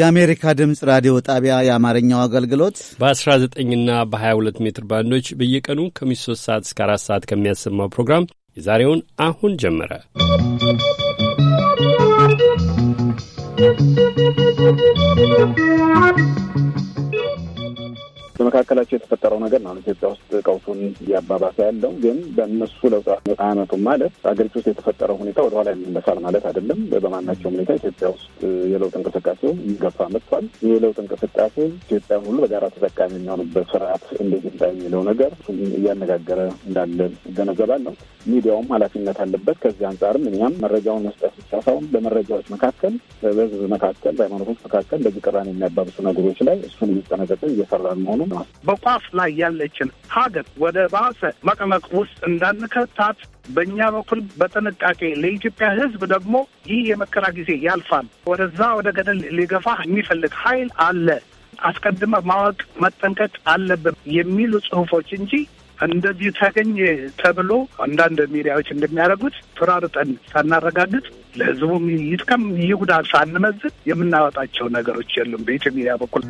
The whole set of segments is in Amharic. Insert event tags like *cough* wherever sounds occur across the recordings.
የአሜሪካ ድምፅ ራዲዮ ጣቢያ የአማርኛው አገልግሎት በ19 ና በ22 ሜትር ባንዶች በየቀኑ ከምሽቱ 3 ሰዓት እስከ 4 ሰዓት ከሚያሰማው ፕሮግራም የዛሬውን አሁን ጀመረ። ¶¶ በመካከላቸው የተፈጠረው ነገር ነው ኢትዮጵያ ውስጥ ቀውሱን እያባባሰ ያለው። ግን በእነሱ ለውጥ አያመጡም ማለት ሀገሪቱ ውስጥ የተፈጠረው ሁኔታ ወደኋላ የሚመሳል ማለት አይደለም። በማናቸውም ሁኔታ ኢትዮጵያ ውስጥ የለውጥ እንቅስቃሴው እየገፋ መጥቷል። ይህ የለውጥ እንቅስቃሴ ኢትዮጵያ ሁሉ በጋራ ተጠቃሚ የሚሆኑበት ስርዓት እንዴት ይምጣ የሚለው ነገር እያነጋገረ እንዳለ እገነዘባለሁ። ሚዲያውም ኃላፊነት አለበት። ከዚህ አንጻርም እኛም መረጃውን መስጠት ብቻ ሳይሆን በመረጃዎች መካከል፣ በህዝብ መካከል፣ በሃይማኖቶች መካከል በዚህ ቅራኔ የሚያባብሱ ነገሮች ላይ እሱን እየጠነቀቀ እየሰራን መሆኑም ሆኗል። በቋፍ ላይ ያለችን ሀገር ወደ ባሰ መቀመቅ ውስጥ እንዳንከታት በእኛ በኩል በጥንቃቄ ለኢትዮጵያ ሕዝብ ደግሞ ይህ የመከራ ጊዜ ያልፋል። ወደዛ ወደ ገደል ሊገፋ የሚፈልግ ኃይል አለ። አስቀድመ ማወቅ መጠንቀቅ አለብን የሚሉ ጽሁፎች እንጂ እንደዚህ ተገኘ ተብሎ አንዳንድ ሚዲያዎች እንደሚያደርጉት ፍራርጠን ሳናረጋግጥ ለሕዝቡም ይጥቀም ይጉዳ ሳንመዝን የምናወጣቸው ነገሮች የሉም። በኢትዮ ሚዲያ በኩል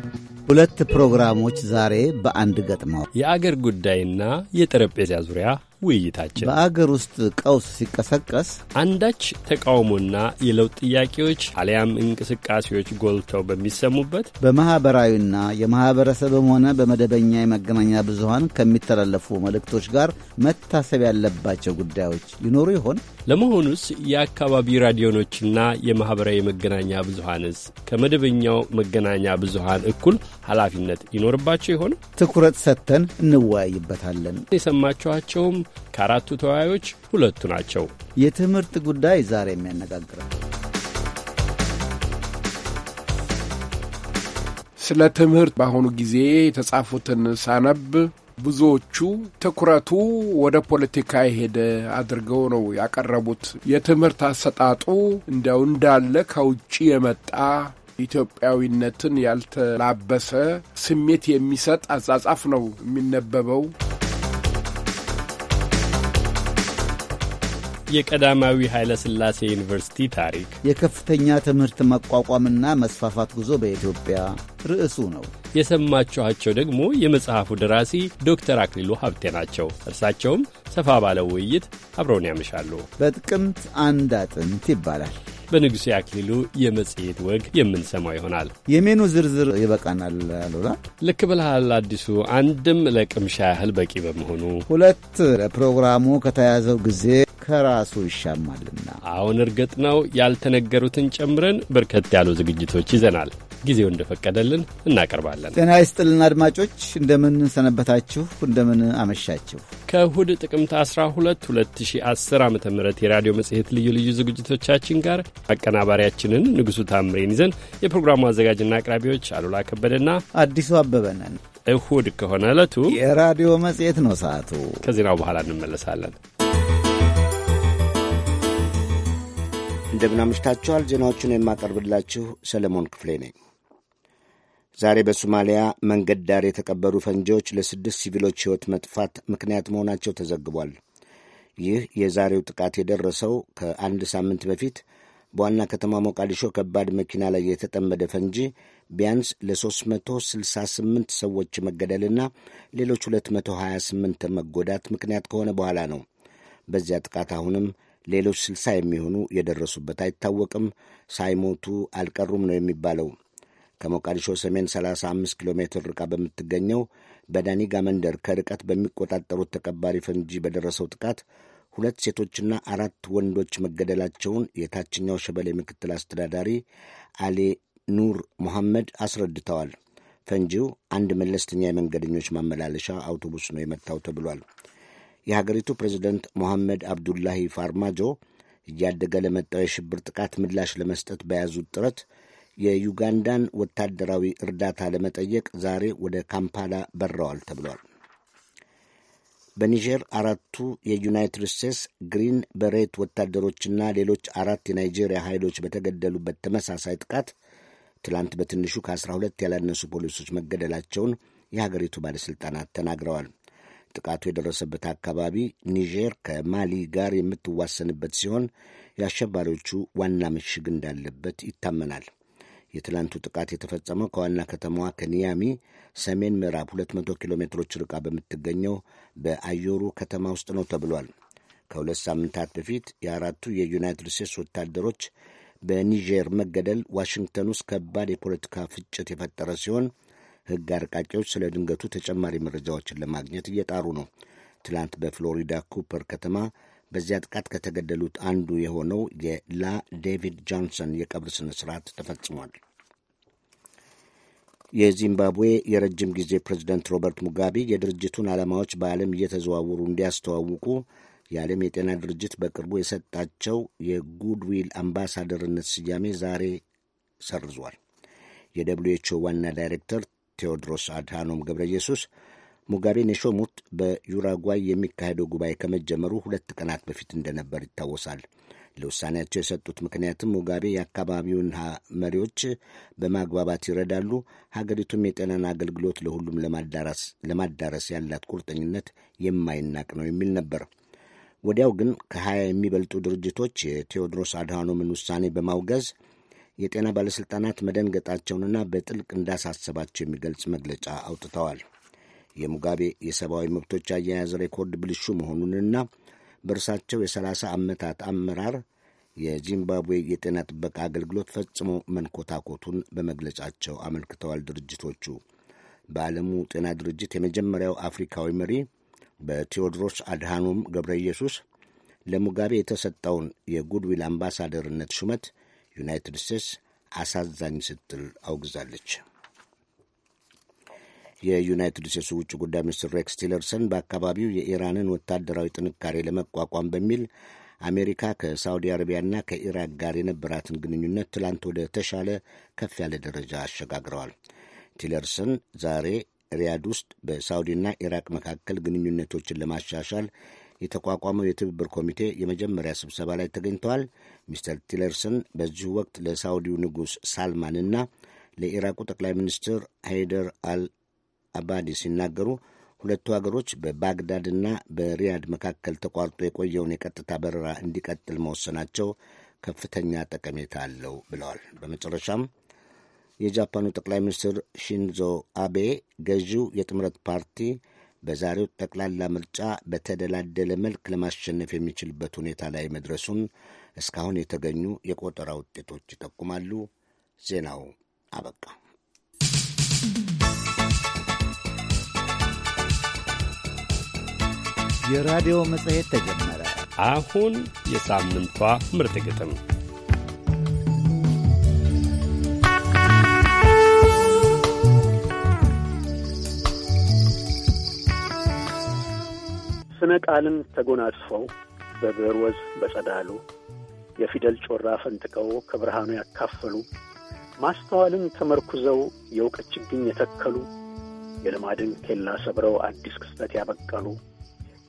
ሁለት ፕሮግራሞች ዛሬ በአንድ ገጥመው የአገር ጉዳይና የጠረጴዛ ዙሪያ ውይይታችን በአገር ውስጥ ቀውስ ሲቀሰቀስ አንዳች ተቃውሞና የለውጥ ጥያቄዎች አሊያም እንቅስቃሴዎች ጎልተው በሚሰሙበት በማኅበራዊና የማኅበረሰብም ሆነ በመደበኛ የመገናኛ ብዙሀን ከሚተላለፉ መልእክቶች ጋር መታሰብ ያለባቸው ጉዳዮች ይኖሩ ይሆን? ለመሆኑስ የአካባቢ ራዲዮኖችና የማኅበራዊ መገናኛ ብዙሃንስ ከመደበኛው መገናኛ ብዙሃን እኩል ኃላፊነት ይኖርባቸው ይሆን? ትኩረት ሰጥተን እንወያይበታለን። የሰማችኋቸውም ከአራቱ ተወያዮች ሁለቱ ናቸው። የትምህርት ጉዳይ ዛሬ የሚያነጋግረው ስለ ትምህርት በአሁኑ ጊዜ የተጻፉትን ሳነብ ብዙዎቹ ትኩረቱ ወደ ፖለቲካ የሄደ አድርገው ነው ያቀረቡት። የትምህርት አሰጣጡ እንዲያው እንዳለ ከውጭ የመጣ ኢትዮጵያዊነትን ያልተላበሰ ስሜት የሚሰጥ አጻጻፍ ነው የሚነበበው። የቀዳማዊ ኃይለ ሥላሴ ዩኒቨርሲቲ ታሪክ፣ የከፍተኛ ትምህርት መቋቋምና መስፋፋት ጉዞ በኢትዮጵያ ርዕሱ ነው። የሰማችኋቸው ደግሞ የመጽሐፉ ደራሲ ዶክተር አክሊሉ ሀብቴ ናቸው። እርሳቸውም ሰፋ ባለው ውይይት አብረውን ያመሻሉ። በጥቅምት አንድ አጥንት ይባላል። በንጉሴ አክሊሉ የመጽሔት ወግ የምንሰማው ይሆናል። የሜኑ ዝርዝር ይበቃናል። አሉላ ልክ ብልሃል አዲሱ። አንድም ለቅምሻ ያህል በቂ በመሆኑ፣ ሁለት ለፕሮግራሙ ከተያዘው ጊዜ ከራሱ ይሻማልና። አሁን እርግጥ ነው ያልተነገሩትን ጨምረን በርከት ያሉ ዝግጅቶች ይዘናል። ጊዜው እንደፈቀደልን እናቀርባለን። ጤና ይስጥልን አድማጮች፣ እንደምን ሰነበታችሁ? እንደምን አመሻችሁ? ከእሁድ ጥቅምት 12 2010 ዓ ም የራዲዮ መጽሔት ልዩ ልዩ ዝግጅቶቻችን ጋር አቀናባሪያችንን ንጉሱ ታምሬን ይዘን የፕሮግራሙ አዘጋጅና አቅራቢዎች አሉላ ከበደና አዲሱ አበበነን እሁድ ከሆነ ዕለቱ የራዲዮ መጽሔት ነው። ሰዓቱ ከዜናው በኋላ እንመለሳለን። እንደምን አምሽታችኋል። ዜናዎቹን የማቀርብላችሁ ሰለሞን ክፍሌ ነኝ። ዛሬ በሶማሊያ መንገድ ዳር የተቀበሩ ፈንጂዎች ለስድስት ሲቪሎች ሕይወት መጥፋት ምክንያት መሆናቸው ተዘግቧል። ይህ የዛሬው ጥቃት የደረሰው ከአንድ ሳምንት በፊት በዋና ከተማ ሞቃዲሾ ከባድ መኪና ላይ የተጠመደ ፈንጂ ቢያንስ ለ368 ሰዎች መገደልና ሌሎች 228 መጎዳት ምክንያት ከሆነ በኋላ ነው። በዚያ ጥቃት አሁንም ሌሎች 60 የሚሆኑ የደረሱበት አይታወቅም፣ ሳይሞቱ አልቀሩም ነው የሚባለው። ከሞቃዲሾ ሰሜን 35 ኪሎ ሜትር ርቃ በምትገኘው በዳኒጋ መንደር ከርቀት በሚቆጣጠሩት ተቀባሪ ፈንጂ በደረሰው ጥቃት ሁለት ሴቶችና አራት ወንዶች መገደላቸውን የታችኛው ሸበሌ ምክትል አስተዳዳሪ አሌ ኑር ሞሐመድ አስረድተዋል። ፈንጂው አንድ መለስተኛ የመንገደኞች ማመላለሻ አውቶቡስ ነው የመታው ተብሏል። የሀገሪቱ ፕሬዚደንት ሞሐመድ አብዱላሂ ፋርማጆ እያደገ ለመጣው የሽብር ጥቃት ምላሽ ለመስጠት በያዙት ጥረት የዩጋንዳን ወታደራዊ እርዳታ ለመጠየቅ ዛሬ ወደ ካምፓላ በረዋል ተብሏል። በኒጀር አራቱ የዩናይትድ ስቴትስ ግሪን በሬት ወታደሮችና ሌሎች አራት የናይጄሪያ ኃይሎች በተገደሉበት ተመሳሳይ ጥቃት ትላንት በትንሹ ከ12 ያላነሱ ፖሊሶች መገደላቸውን የሀገሪቱ ባለሥልጣናት ተናግረዋል። ጥቃቱ የደረሰበት አካባቢ ኒጀር ከማሊ ጋር የምትዋሰንበት ሲሆን የአሸባሪዎቹ ዋና ምሽግ እንዳለበት ይታመናል። የትላንቱ ጥቃት የተፈጸመው ከዋና ከተማዋ ከኒያሚ ሰሜን ምዕራብ 200 ኪሎ ሜትሮች ርቃ በምትገኘው በአዮሩ ከተማ ውስጥ ነው ተብሏል። ከሁለት ሳምንታት በፊት የአራቱ የዩናይትድ ስቴትስ ወታደሮች በኒጀር መገደል ዋሽንግተን ውስጥ ከባድ የፖለቲካ ፍጭት የፈጠረ ሲሆን ሕግ አርቃቂዎች ስለ ድንገቱ ተጨማሪ መረጃዎችን ለማግኘት እየጣሩ ነው። ትላንት በፍሎሪዳ ኩፐር ከተማ በዚያ ጥቃት ከተገደሉት አንዱ የሆነው የላ ዴቪድ ጆንሰን የቀብር ስነ ስርዓት ተፈጽሟል። የዚምባብዌ የረጅም ጊዜ ፕሬዚደንት ሮበርት ሙጋቤ የድርጅቱን ዓላማዎች በዓለም እየተዘዋወሩ እንዲያስተዋውቁ የዓለም የጤና ድርጅት በቅርቡ የሰጣቸው የጉድዊል አምባሳደርነት ስያሜ ዛሬ ሰርዟል። የደብሊው ዋና ዳይሬክተር ቴዎድሮስ አድሃኖም ገብረ ኢየሱስ ሙጋቤን የሾሙት በዩራጓይ የሚካሄደው ጉባኤ ከመጀመሩ ሁለት ቀናት በፊት እንደነበር ይታወሳል። ለውሳኔያቸው የሰጡት ምክንያትም ሙጋቤ የአካባቢውን መሪዎች በማግባባት ይረዳሉ፣ ሀገሪቱም የጤናን አገልግሎት ለሁሉም ለማዳረስ ያላት ቁርጠኝነት የማይናቅ ነው የሚል ነበር። ወዲያው ግን ከሀያ የሚበልጡ ድርጅቶች የቴዎድሮስ አድሃኖምን ውሳኔ በማውገዝ የጤና ባለሥልጣናት መደንገጣቸውንና በጥልቅ እንዳሳሰባቸው የሚገልጽ መግለጫ አውጥተዋል። የሙጋቤ የሰብአዊ መብቶች አያያዝ ሬኮርድ ብልሹ መሆኑንና በእርሳቸው የሰላሳ ዓመታት አመራር የዚምባብዌ የጤና ጥበቃ አገልግሎት ፈጽሞ መንኮታኮቱን በመግለጫቸው አመልክተዋል። ድርጅቶቹ በዓለሙ ጤና ድርጅት የመጀመሪያው አፍሪካዊ መሪ በቴዎድሮስ አድሃኖም ገብረ ኢየሱስ ለሙጋቤ የተሰጠውን የጉድዊል አምባሳደርነት ሹመት ዩናይትድ ስቴትስ አሳዛኝ ስትል አውግዛለች። የዩናይትድ ስቴትስ ውጭ ጉዳይ ሚኒስትር ሬክስ ቲለርሰን በአካባቢው የኢራንን ወታደራዊ ጥንካሬ ለመቋቋም በሚል አሜሪካ ከሳውዲ አረቢያና ከኢራቅ ጋር የነበራትን ግንኙነት ትላንት ወደ ተሻለ ከፍ ያለ ደረጃ አሸጋግረዋል። ቲለርሰን ዛሬ ሪያድ ውስጥ በሳውዲና ኢራቅ መካከል ግንኙነቶችን ለማሻሻል የተቋቋመው የትብብር ኮሚቴ የመጀመሪያ ስብሰባ ላይ ተገኝተዋል። ሚስተር ቲለርሰን በዚሁ ወቅት ለሳውዲው ንጉሥ ሳልማንና ለኢራቁ ጠቅላይ ሚኒስትር ሃይደር አል አባዲ ሲናገሩ ሁለቱ ሀገሮች በባግዳድና በሪያድ መካከል ተቋርጦ የቆየውን የቀጥታ በረራ እንዲቀጥል መወሰናቸው ከፍተኛ ጠቀሜታ አለው ብለዋል። በመጨረሻም የጃፓኑ ጠቅላይ ሚኒስትር ሺንዞ አቤ ገዢው የጥምረት ፓርቲ በዛሬው ጠቅላላ ምርጫ በተደላደለ መልክ ለማሸነፍ የሚችልበት ሁኔታ ላይ መድረሱን እስካሁን የተገኙ የቆጠራ ውጤቶች ይጠቁማሉ። ዜናው አበቃ። የራዲዮ መጽሔት ተጀመረ። አሁን የሳምንቷ ምርጥ ግጥም ስነ ቃልን ተጎናጽፈው በብዕር ወዝ በጸዳሉ የፊደል ጮራ ፈንጥቀው ከብርሃኑ ያካፈሉ ማስተዋልን ተመርኩዘው የእውቀት ችግኝ የተከሉ የልማድን ኬላ ሰብረው አዲስ ክስተት ያበቀሉ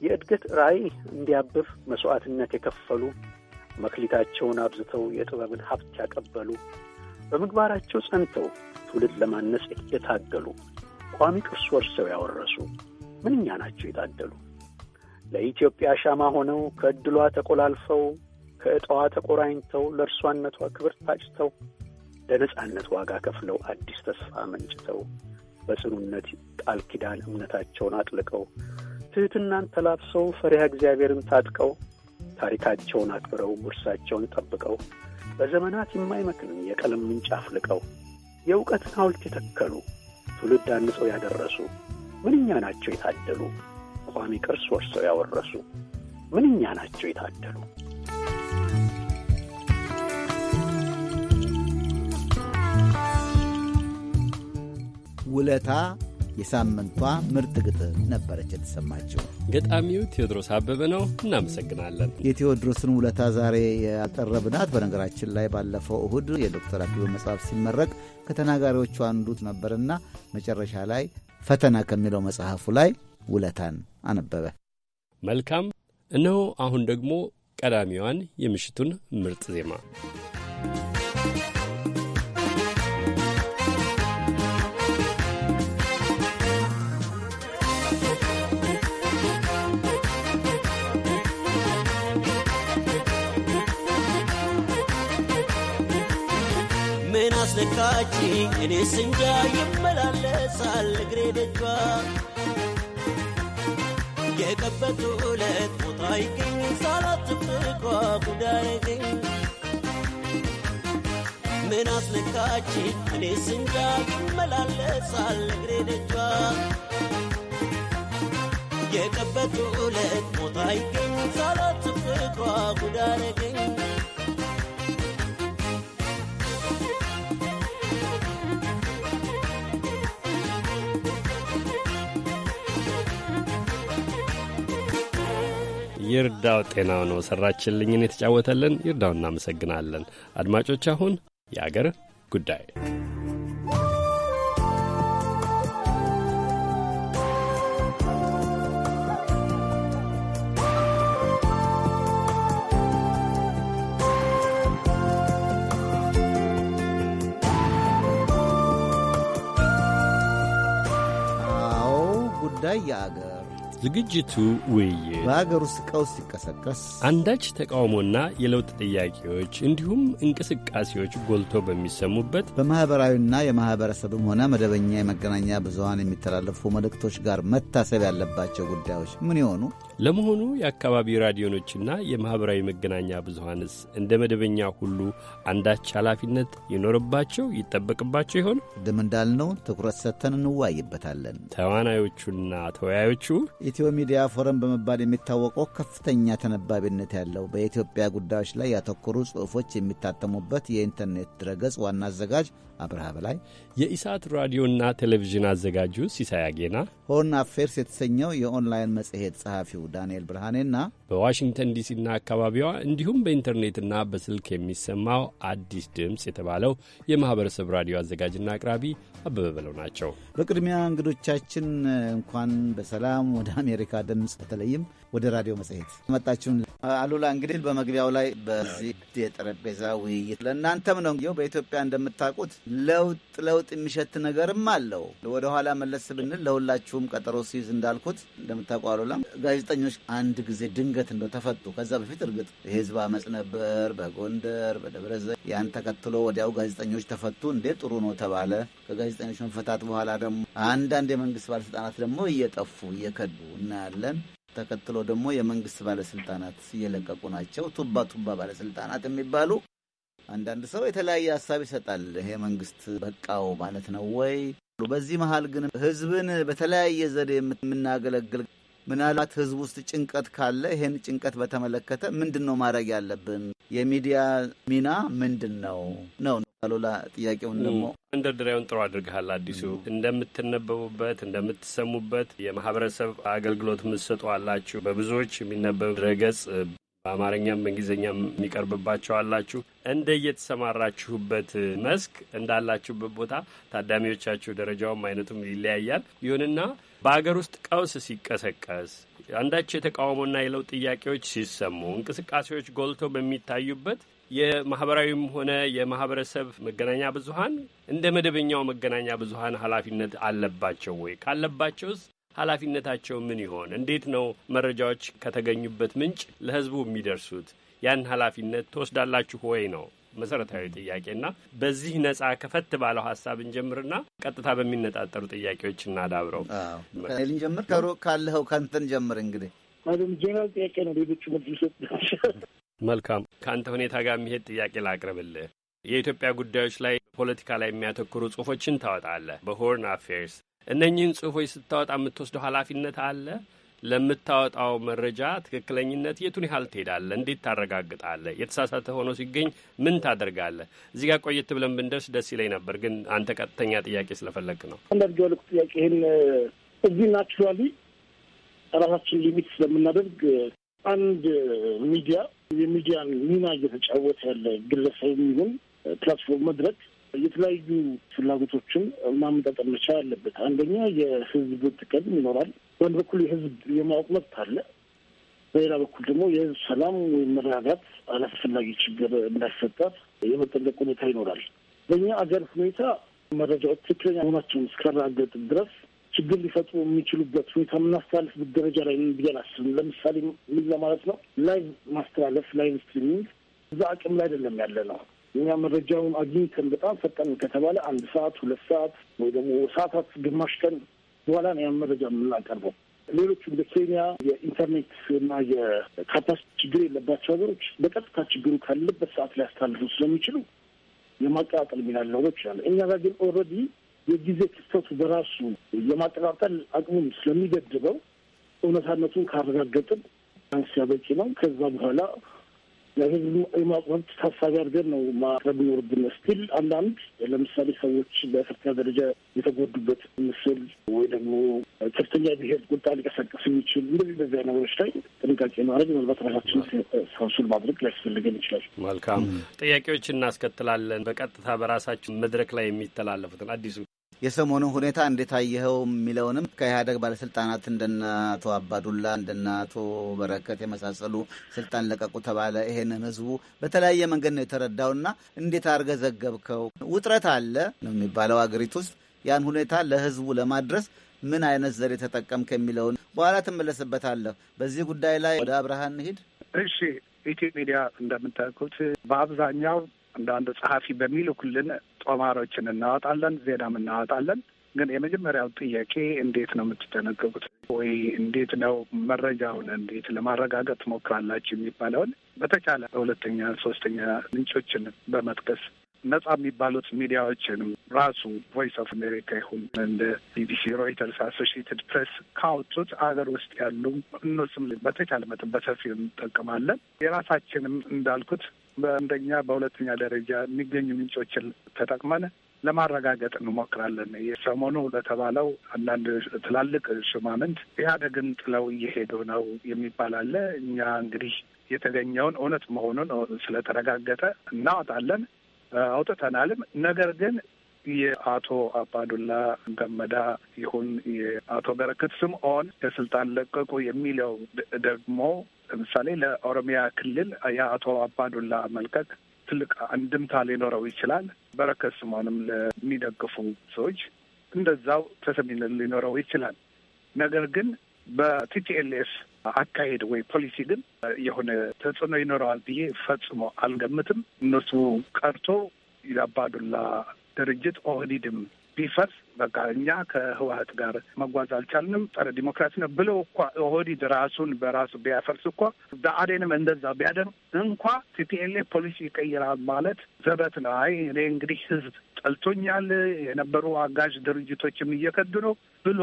የእድገት ራዕይ እንዲያብብ መሥዋዕትነት የከፈሉ መክሊታቸውን አብዝተው የጥበብን ሀብት ያቀበሉ በምግባራቸው ጸንተው ትውልድ ለማነጽ የታገሉ ቋሚ ቅርስ ወርሰው ያወረሱ ምንኛ ናቸው የታደሉ። ለኢትዮጵያ ሻማ ሆነው ከዕድሏ ተቆላልፈው ከእጣዋ ተቆራኝተው ለእርሷነቷ ክብር ታጭተው ለነጻነት ዋጋ ከፍለው አዲስ ተስፋ መንጭተው በጽኑነት ቃል ኪዳን እምነታቸውን አጥልቀው ትህትናን ተላብሰው ፈሪሃ እግዚአብሔርን ታጥቀው ታሪካቸውን አክብረው ውርሳቸውን ጠብቀው በዘመናት የማይመክንም የቀለም ምንጭ አፍልቀው የእውቀትን ሐውልት የተከሉ ትውልድ አንጸው ያደረሱ ምንኛ ናቸው የታደሉ ቋሚ ቅርስ ወርሰው ያወረሱ ምንኛ ናቸው የታደሉ። ውለታ የሳምንቷ ምርጥ ግጥም ነበረች የተሰማችው። ገጣሚው ቴዎድሮስ አበበ ነው። እናመሰግናለን። የቴዎድሮስን ውለታ ዛሬ ያቀረብናት በነገራችን ላይ ባለፈው እሁድ የዶክተር አክሊሉ መጽሐፍ ሲመረቅ ከተናጋሪዎቹ አንዱት ነበርና መጨረሻ ላይ ፈተና ከሚለው መጽሐፉ ላይ ውለታን አነበበ። መልካም እነሆ። አሁን ደግሞ ቀዳሚዋን የምሽቱን ምርጥ ዜማ እኔ ስንጃ ይመላለሳል እግሬ ደጇ የቀበቱ ዕለት ቦታ ይገኝ ሳላት ፍቅሯ ጉዳረገኝ ምን አስነካች እኔስ ስንጃ ይመላለሳል እግሬ ደጇ የቀበቱ ዕለት ቦታ ይገኝ ሳላት ፍቅሯ ጉዳረገኝ ይርዳው ጤናው ነው ሰራችልኝን የተጫወተልን። ይርዳው እናመሰግናለን። አድማጮች አሁን የአገር ጉዳይ ጉዳይ የአገር ዝግጅቱ ውይይት በሀገር ውስጥ ቀውስ ሲቀሰቀስ አንዳች ተቃውሞና የለውጥ ጥያቄዎች እንዲሁም እንቅስቃሴዎች ጎልተው በሚሰሙበት በማኅበራዊና የማኅበረሰብም ሆነ መደበኛ የመገናኛ ብዙሀን የሚተላለፉ መልእክቶች ጋር መታሰብ ያለባቸው ጉዳዮች ምን ይሆኑ? ለመሆኑ የአካባቢ ራዲዮኖችና የማኅበራዊ መገናኛ ብዙሀንስ እንደ መደበኛ ሁሉ አንዳች ኃላፊነት ይኖርባቸው ይጠበቅባቸው ይሆን? ድም እንዳልነው ትኩረት ሰጥተን እንዋይበታለን። ተዋናዮቹና ተወያዮቹ ኢትዮ ሚዲያ ፎረም በመባል የሚታወቀው ከፍተኛ ተነባቢነት ያለው በኢትዮጵያ ጉዳዮች ላይ ያተኮሩ ጽሑፎች የሚታተሙበት የኢንተርኔት ድረገጽ ዋና አዘጋጅ አብርሃ በላይ፣ የኢሳት ራዲዮና ቴሌቪዥን አዘጋጁ ሲሳይ አጌና፣ ሆርን አፌርስ የተሰኘው የኦንላይን መጽሔት ጸሐፊው ዳንኤል ብርሃኔና በዋሽንግተን ዲሲና አካባቢዋ እንዲሁም በኢንተርኔትና በስልክ የሚሰማው አዲስ ድምፅ የተባለው የማኅበረሰብ ራዲዮ አዘጋጅና አቅራቢ አበበ በለው ናቸው። በቅድሚያ እንግዶቻችን እንኳን በሰላም ወደ አሜሪካ ድምፅ በተለይም ወደ ራዲዮ መጽሔት መጣችሁን። አሉላ እንግዲህ በመግቢያው ላይ በዚህ የጠረጴዛ ውይይት ለእናንተም ነው ው በኢትዮጵያ እንደምታውቁት ለውጥ ለውጥ የሚሸት ነገርም አለው። ወደኋላ መለስ ብንል ለሁላችሁም ቀጠሮ ሲይዝ እንዳልኩት እንደምታውቁ አሉላ ጋዜጠኞች አንድ ጊዜ ድንገት እንደው ተፈቱ። ከዛ በፊት እርግጥ የህዝብ አመፅ ነበር በጎንደር በደብረዘ ያን ተከትሎ ወዲያው ጋዜጠኞች ተፈቱ። እንዴ ጥሩ ነው ተባለ። ከጋዜጠኞች መፈታት በኋላ ደግሞ አንዳንድ የመንግስት ባለስልጣናት ደግሞ እየጠፉ እየከዱ እናያለን። ተከትሎ ደግሞ የመንግስት ባለስልጣናት እየለቀቁ ናቸው። ቱባ ቱባ ባለስልጣናት የሚባሉ አንዳንድ ሰው የተለያየ ሀሳብ ይሰጣል። ይሄ መንግስት በቃው ማለት ነው ወይ? በዚህ መሀል ግን ህዝብን በተለያየ ዘዴ የምናገለግል ምናልባት ህዝብ ውስጥ ጭንቀት ካለ ይሄን ጭንቀት በተመለከተ ምንድን ነው ማድረግ ያለብን? የሚዲያ ሚና ምንድን ነው ነው አሉላ ጥያቄውን ደግሞ መንደርደሪያውን ጥሩ አድርገሃል። አዲሱ እንደምትነበቡበት እንደምትሰሙበት የማህበረሰብ አገልግሎት የምትሰጡ አላችሁ። በብዙዎች የሚነበብ ድረገጽ በአማርኛም በእንግሊዝኛም የሚቀርብባቸው አላችሁ። እንደ የተሰማራችሁበት መስክ እንዳላችሁበት ቦታ ታዳሚዎቻችሁ ደረጃውም አይነቱም ይለያያል። ይሁንና በአገር ውስጥ ቀውስ ሲቀሰቀስ አንዳች የተቃውሞና የለውጥ ጥያቄዎች ሲሰሙ እንቅስቃሴዎች ጎልተው በሚታዩበት የማህበራዊም ሆነ የማህበረሰብ መገናኛ ብዙሀን እንደ መደበኛው መገናኛ ብዙሀን ኃላፊነት አለባቸው ወይ? ካለባቸውስ ኃላፊነታቸው ምን ይሆን? እንዴት ነው መረጃዎች ከተገኙበት ምንጭ ለህዝቡ የሚደርሱት? ያን ኃላፊነት ትወስዳላችሁ ወይ ነው መሰረታዊ ጥያቄና በዚህ ነጻ ከፈት ባለው ሀሳብ እንጀምርና ቀጥታ በሚነጣጠሩ ጥያቄዎች እናዳብረው። ልንጀምር ካለኸው ከንተን ጀምር እንግዲህ ጀነራል ጥያቄ ነው። ሌሎቹ መልስ መልካም ከአንተ ሁኔታ ጋር የሚሄድ ጥያቄ ላቅርብልህ። የኢትዮጵያ ጉዳዮች ላይ ፖለቲካ ላይ የሚያተኩሩ ጽሁፎችን ታወጣለህ። በሆርን አፌርስ እነኚህን ጽሁፎች ስታወጣ የምትወስደው ኃላፊነት አለ? ለምታወጣው መረጃ ትክክለኝነት የቱን ያህል ትሄዳለህ? እንዴት ታረጋግጣለህ? የተሳሳተ ሆኖ ሲገኝ ምን ታደርጋለህ? እዚህ ጋር ቆየት ብለን ብንደርስ ደስ ይለኝ ነበር፣ ግን አንተ ቀጥተኛ ጥያቄ ስለፈለግ ነው። አንዳንድ ጊዜ ጥያቄ ይህን እዚህ ናቹራሊ ራሳችን ሊሚት ስለምናደርግ አንድ ሚዲያ የሚዲያን ሚና እየተጫወተ ያለ ግለሰብ ይሁን ፕላትፎርም መድረክ የተለያዩ ፍላጎቶችን ማመጣጠር መቻል አለበት። አንደኛ የህዝብ ጥቅም ይኖራል። በአንድ በኩል የህዝብ የማወቅ መብት አለ። በሌላ በኩል ደግሞ የህዝብ ሰላም ወይም መረጋጋት፣ አላስፈላጊ ችግር እንዳይፈጠር የመጠንቀቅ ሁኔታ ይኖራል። በእኛ አገር ሁኔታ መረጃዎች ትክክለኛ መሆናቸውን እስከራገጥ ድረስ ችግር ሊፈጥሩ የሚችሉበት ሁኔታ የምናስተላልፍበት ደረጃ ላይ ብዬ አላስብም። ለምሳሌ ምን ለማለት ነው፣ ላይቭ ማስተላለፍ፣ ላይቭ ስትሪሚንግ እዛ አቅም ላይ አይደለም ያለ ነው። እኛ መረጃውን አግኝተን በጣም ፈጠን ከተባለ አንድ ሰዓት ሁለት ሰዓት ወይ ደግሞ ሰዓታት ግማሽ ቀን በኋላ ነው ያን መረጃ የምናቀርበው። ሌሎቹ እንደ ኬንያ የኢንተርኔት እና የካፓስ ችግር የለባቸው ሀገሮች በቀጥታ ችግሩ ካለበት ሰዓት ሊያስተላልፉ ስለሚችሉ የማቀጣጠል ሚና ሊኖረው ይችላል። እኛ ጋር ግን ኦልሬዲ የጊዜ ክፍተቱ በራሱ የማጠቃጠል አቅሙም ስለሚገድበው እውነታነቱን ካረጋገጥን አንስያ በቂ ነው። ከዛ በኋላ ለህዝቡ የማቅረብ ታሳቢ አድርገን ነው ማቅረብ ይኖርብን። ስቲል አንዳንድ ለምሳሌ ሰዎች በከፍተኛ ደረጃ የተጎዱበት ምስል ወይ ደግሞ ከፍተኛ ብሄር ቁጣ ሊቀሰቀስ የሚችል እንደዚህ በዚያ ነገሮች ላይ ጥንቃቄ ማድረግ ምናልባት ራሳችን ሰውሱል ማድረግ ሊያስፈልገን ይችላል። መልካም ጥያቄዎች እናስከትላለን። በቀጥታ በራሳችን መድረክ ላይ የሚተላለፉትን አዲሱ የሰሞኑ ሁኔታ እንዴት አየኸው የሚለውንም ከኢህአደግ ባለስልጣናት እንደነ አቶ አባዱላ እንደነ አቶ በረከት የመሳሰሉ ስልጣን ለቀቁ ተባለ። ይሄንን ህዝቡ በተለያየ መንገድ ነው የተረዳውና እንዴት አድርገ ዘገብከው? ውጥረት አለ ነው የሚባለው አገሪቱ ውስጥ ያን ሁኔታ ለህዝቡ ለማድረስ ምን አይነት ዘዴ ተጠቀምክ የሚለውን በኋላ ትመለስበታለሁ በዚህ ጉዳይ ላይ ወደ አብርሃን ሂድ። እሺ፣ ኢትዮ ሚዲያ እንደምታውቁት በአብዛኛው እንደ አንድ ጸሐፊ በሚልኩልን ጦማሮችን እናወጣለን፣ ዜናም እናወጣለን። ግን የመጀመሪያው ጥያቄ እንዴት ነው የምትደነግጉት ወይ እንዴት ነው መረጃውን እንዴት ለማረጋገጥ ሞክራላችሁ የሚባለውን በተቻለ በሁለተኛ ሶስተኛ ምንጮችን በመጥቀስ ነጻ የሚባሉት ሚዲያዎችንም ራሱ ቮይስ ኦፍ አሜሪካ ይሁን እንደ ቢቢሲ፣ ሮይተርስ፣ አሶሽትድ ፕሬስ ካወጡት አገር ውስጥ ያሉ እነሱም በተቻለ መጠን በሰፊው እንጠቀማለን። የራሳችንም እንዳልኩት በአንደኛ በሁለተኛ ደረጃ የሚገኙ ምንጮችን ተጠቅመን ለማረጋገጥ እንሞክራለን። የሰሞኑ ለተባለው አንዳንድ ትላልቅ ሹማምንት ኢህአዴግን ጥለው እየሄዱ ነው የሚባል አለ። እኛ እንግዲህ የተገኘውን እውነት መሆኑን ስለተረጋገጠ እናወጣለን፣ አውጥተናልም። ነገር ግን የአቶ አባዱላ ገመዳ ይሁን የአቶ በረከት ስምኦን ከስልጣን ለቀቁ የሚለው ደግሞ ለምሳሌ ለኦሮሚያ ክልል የአቶ አባዱላ መልቀቅ ትልቅ አንድምታ ሊኖረው ይችላል። በረከት ስምኦንም ለሚደግፉ ሰዎች እንደዛው ተሰሚነት ሊኖረው ይችላል። ነገር ግን በቲቲኤልኤስ አካሄድ ወይ ፖሊሲ ግን የሆነ ተጽዕኖ ይኖረዋል ብዬ ፈጽሞ አልገምትም። እነሱ ቀርቶ የአባዱላ ድርጅት ኦህዲድም ቢፈርስ በቃ እኛ ከህወሀት ጋር መጓዝ አልቻልንም፣ ጸረ ዲሞክራሲ ነው ብሎ እኳ ኦህዲድ ራሱን በራሱ ቢያፈርስ እኳ ብአዴንም እንደዛ ቢያደርግ እንኳ ቲፒኤልኤ ፖሊሲ ይቀይራል ማለት ዘበት ነው። አይ እኔ እንግዲህ ህዝብ ጠልቶኛል፣ የነበሩ አጋዥ ድርጅቶችም እየከዱ ነው ብሎ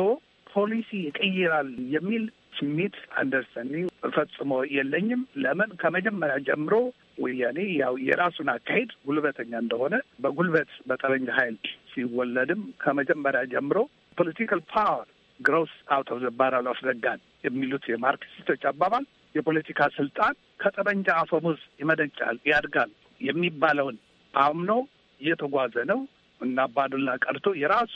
ፖሊሲ ይቀይራል የሚል ስሜት አንደርስታንዲንግ ፈጽሞ የለኝም። ለምን ከመጀመሪያ ጀምሮ ወያኔ ያው የራሱን አካሄድ ጉልበተኛ እንደሆነ በጉልበት በጠመንጃ ኃይል ሲወለድም ከመጀመሪያ ጀምሮ ፖለቲካል ፓወር ግሮስ አውት ኦፍ ዘ ባራል ኦፍ ዘ ጋን የሚሉት የማርክሲስቶች አባባል የፖለቲካ ስልጣን ከጠመንጃ አፈሙዝ ይመነጫል፣ ያድጋል የሚባለውን አምኖ እየተጓዘ ነው እና አባዱላ ቀርቶ የራሱ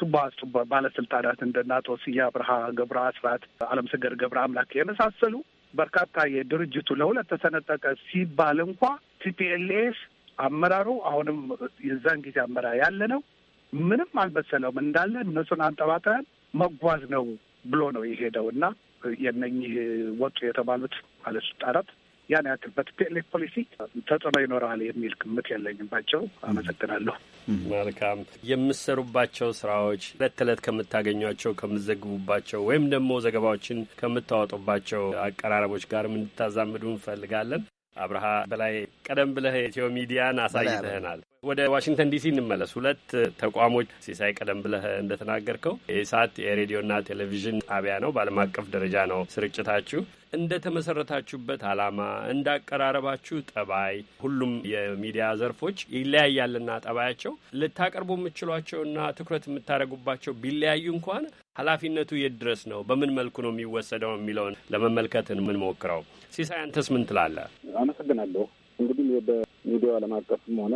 ቱባ ቱባ ባለስልጣናት እንደ አቶ ስዬ አብርሃ ገብረ አስራት፣ አለምሰገድ ገብረ አምላክ የመሳሰሉ በርካታ የድርጅቱ ለሁለት ተሰነጠቀ ሲባል እንኳ ሲፒኤልኤፍ አመራሩ አሁንም የዛን ጊዜ አመራር ያለ ነው ምንም አልመሰለውም እንዳለ እነሱን አንጠባጥረን መጓዝ ነው ብሎ ነው የሄደው እና የነኚህ ወጡ የተባሉት ባለስልጣናት ያን ያክል በቲፒኤልኤፍ ፖሊሲ ተጽዕኖ ይኖረዋል የሚል ግምት የለኝም። ባቸው አመሰግናለሁ። መልካም የምሰሩባቸው ስራዎች እለት ተዕለት ከምታገኟቸው ከምዘግቡባቸው፣ ወይም ደግሞ ዘገባዎችን ከምታወጡባቸው አቀራረቦች ጋርም እንድታዛምዱ እንፈልጋለን። አብርሃ በላይ ቀደም ብለህ ኢትዮ ሚዲያን አሳይተህናል። ወደ ዋሽንግተን ዲሲ እንመለስ። ሁለት ተቋሞች ሲሳይ፣ ቀደም ብለህ እንደተናገርከው የሰዓት የሬዲዮና ቴሌቪዥን ጣቢያ ነው። በዓለም አቀፍ ደረጃ ነው ስርጭታችሁ። እንደ ተመሰረታችሁበት ዓላማ እንዳቀራረባችሁ ጠባይ ሁሉም የሚዲያ ዘርፎች ይለያያልና ጠባያቸው ልታቀርቡ የምችሏቸውና ትኩረት የምታደርጉባቸው ቢለያዩ እንኳን ኃላፊነቱ የት ድረስ ነው? በምን መልኩ ነው የሚወሰደው የሚለውን ለመመልከት ሞክረው ሲሳይ አንተስ ምን ትላለህ? አመሰግናለሁ። እንግዲህ በሚዲያው ዓለም አቀፍም ሆነ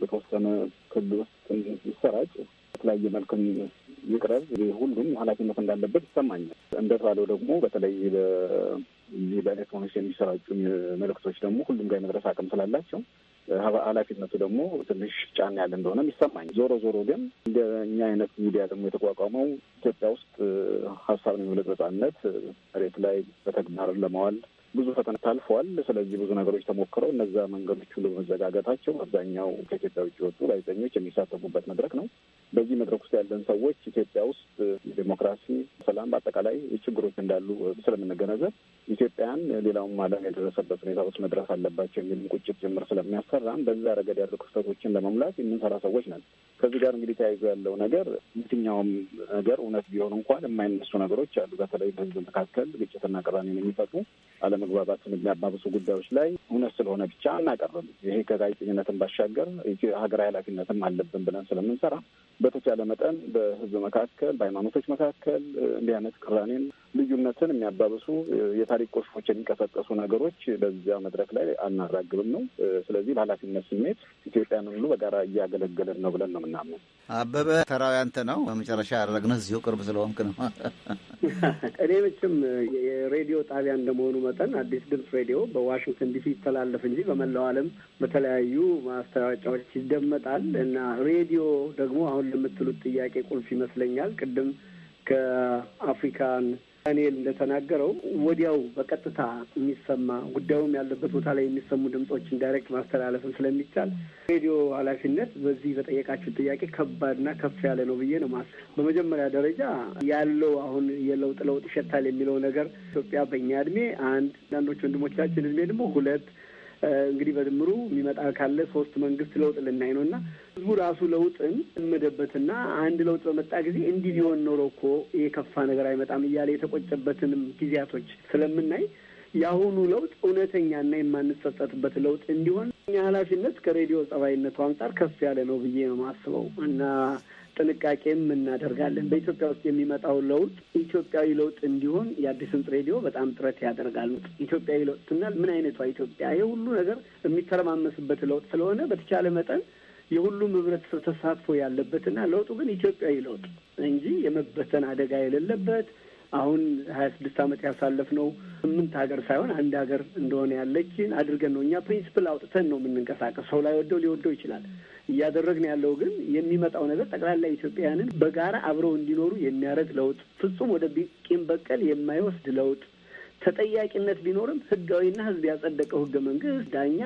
በተወሰነ ክልል ውስጥ ይሰራጭ በተለያየ መልክም ይቅረብ ሁሉም ኃላፊነት እንዳለበት ይሰማኛል። እንደተባለው ደግሞ በተለይ በኤሌክትሮኒክስ የሚሰራጩ መልእክቶች ደግሞ ሁሉም ጋር የመድረስ አቅም ስላላቸው ኃላፊነቱ ደግሞ ትንሽ ጫና ያለ እንደሆነም ይሰማኝ። ዞሮ ዞሮ ግን እንደ እኛ አይነት ሚዲያ ደግሞ የተቋቋመው ኢትዮጵያ ውስጥ ሀሳብን የመግለጽ ነጻነት መሬት ላይ በተግባር ለማዋል ብዙ ፈተና ታልፈዋል። ስለዚህ ብዙ ነገሮች ተሞክረው እነዛ መንገዶች ሁሉ በመዘጋጋታቸው አብዛኛው ከኢትዮጵያ ውጭ የወጡ ጋዜጠኞች የሚሳተፉበት መድረክ ነው። በዚህ መድረክ ውስጥ ያለን ሰዎች ኢትዮጵያ ውስጥ የዴሞክራሲ ሰላም፣ በአጠቃላይ ችግሮች እንዳሉ ስለምንገነዘብ ኢትዮጵያን ሌላውም ዓለም የደረሰበት ሁኔታ ውስጥ መድረስ አለባቸው የሚልም ቁጭት ጭምር ስለሚያሰራም በዛ ረገድ ያሉ ክፍተቶችን ለመሙላት የምንሰራ ሰዎች ነን። ከዚህ ጋር እንግዲህ ተያይዞ ያለው ነገር የትኛውም ነገር እውነት ቢሆን እንኳን የማይነሱ ነገሮች አሉ። በተለይ በህዝብ መካከል ግጭትና ቅራኔን የሚፈጡ አለ አለመግባባትን የሚያባብሱ ጉዳዮች ላይ እውነት ስለሆነ ብቻ አናቀርብም። ይሄ ከጋዜጠኝነትን ባሻገር ሀገራዊ ኃላፊነትም አለብን ብለን ስለምንሰራ በተቻለ መጠን በህዝብ መካከል፣ በሃይማኖቶች መካከል እንዲህ አይነት ቅራኔን ልዩነትን የሚያባብሱ የታሪክ ቁልፎች የሚቀሰቀሱ ነገሮች በዚያ መድረክ ላይ አናራግብም ነው። ስለዚህ በኃላፊነት ስሜት ኢትዮጵያን ሁሉ በጋራ እያገለገልን ነው ብለን ነው የምናምነው። አበበ ተራው ያንተ ነው። በመጨረሻ ያደረግነው እዚሁ ቅርብ ስለሆንክ ነው። *laughs* እኔ ምችም የሬዲዮ ጣቢያ እንደመሆኑ መጠን አዲስ ድምፅ ሬዲዮ በዋሽንግተን ዲሲ ይተላለፍ እንጂ በመላው ዓለም በተለያዩ ማስታወቂያዎች ይደመጣል እና ሬዲዮ ደግሞ አሁን ለምትሉት ጥያቄ ቁልፍ ይመስለኛል። ቅድም ከአፍሪካን ዳንኤል እንደተናገረው ወዲያው በቀጥታ የሚሰማ ጉዳዩም ያለበት ቦታ ላይ የሚሰሙ ድምጾችን ዳይሬክት ማስተላለፍም ስለሚቻል ሬዲዮ ኃላፊነት በዚህ በጠየቃችሁ ጥያቄ ከባድና ከፍ ያለ ነው ብዬ ነው ማስ በመጀመሪያ ደረጃ ያለው አሁን የለውጥ ለውጥ ይሸታል የሚለው ነገር ኢትዮጵያ በእኛ እድሜ አንድ አንዳንዶች ወንድሞቻችን እድሜ ደግሞ ሁለት እንግዲህ በድምሩ የሚመጣ ካለ ሶስት መንግስት ለውጥ ልናይ ነው እና ህዝቡ ራሱ ለውጥን እመደበትና አንድ ለውጥ በመጣ ጊዜ እንዲህ ቢሆን ኖሮ እኮ የከፋ ነገር አይመጣም እያለ የተቆጨበትንም ጊዜያቶች ስለምናይ የአሁኑ ለውጥ እውነተኛና የማንጸጸትበት ለውጥ እንዲሆን የኃላፊነት ከሬዲዮ ጸባይነቱ አንጻር ከፍ ያለ ነው ብዬ ነው የማስበው እና ጥንቃቄም እናደርጋለን። በኢትዮጵያ ውስጥ የሚመጣው ለውጥ ኢትዮጵያዊ ለውጥ እንዲሆን የአዲስምጽ ሬዲዮ በጣም ጥረት ያደርጋል። ኢትዮጵያዊ ለውጥ ስናል ምን አይነቷ ኢትዮጵያ? ይህ ሁሉ ነገር የሚተረማመስበት ለውጥ ስለሆነ በተቻለ መጠን የሁሉም ህብረተሰብ ተሳትፎ ያለበትና ለውጡ ግን ኢትዮጵያዊ ለውጥ እንጂ የመበተን አደጋ የሌለበት አሁን ሀያ ስድስት ዓመት ያሳለፍነው ስምንት ሀገር ሳይሆን አንድ ሀገር እንደሆነ ያለችን አድርገን ነው እኛ ፕሪንስፕል አውጥተን ነው የምንንቀሳቀስ። ሰው ላይ ወደው ሊወደው ይችላል። እያደረግን ያለው ግን የሚመጣው ነገር ጠቅላላ ኢትዮጵያውያንን በጋራ አብረው እንዲኖሩ የሚያደርግ ለውጥ፣ ፍጹም ወደ ቂም በቀል የማይወስድ ለውጥ፣ ተጠያቂነት ቢኖርም ህጋዊና ህዝብ ያጸደቀው ህገ መንግስት ዳኛ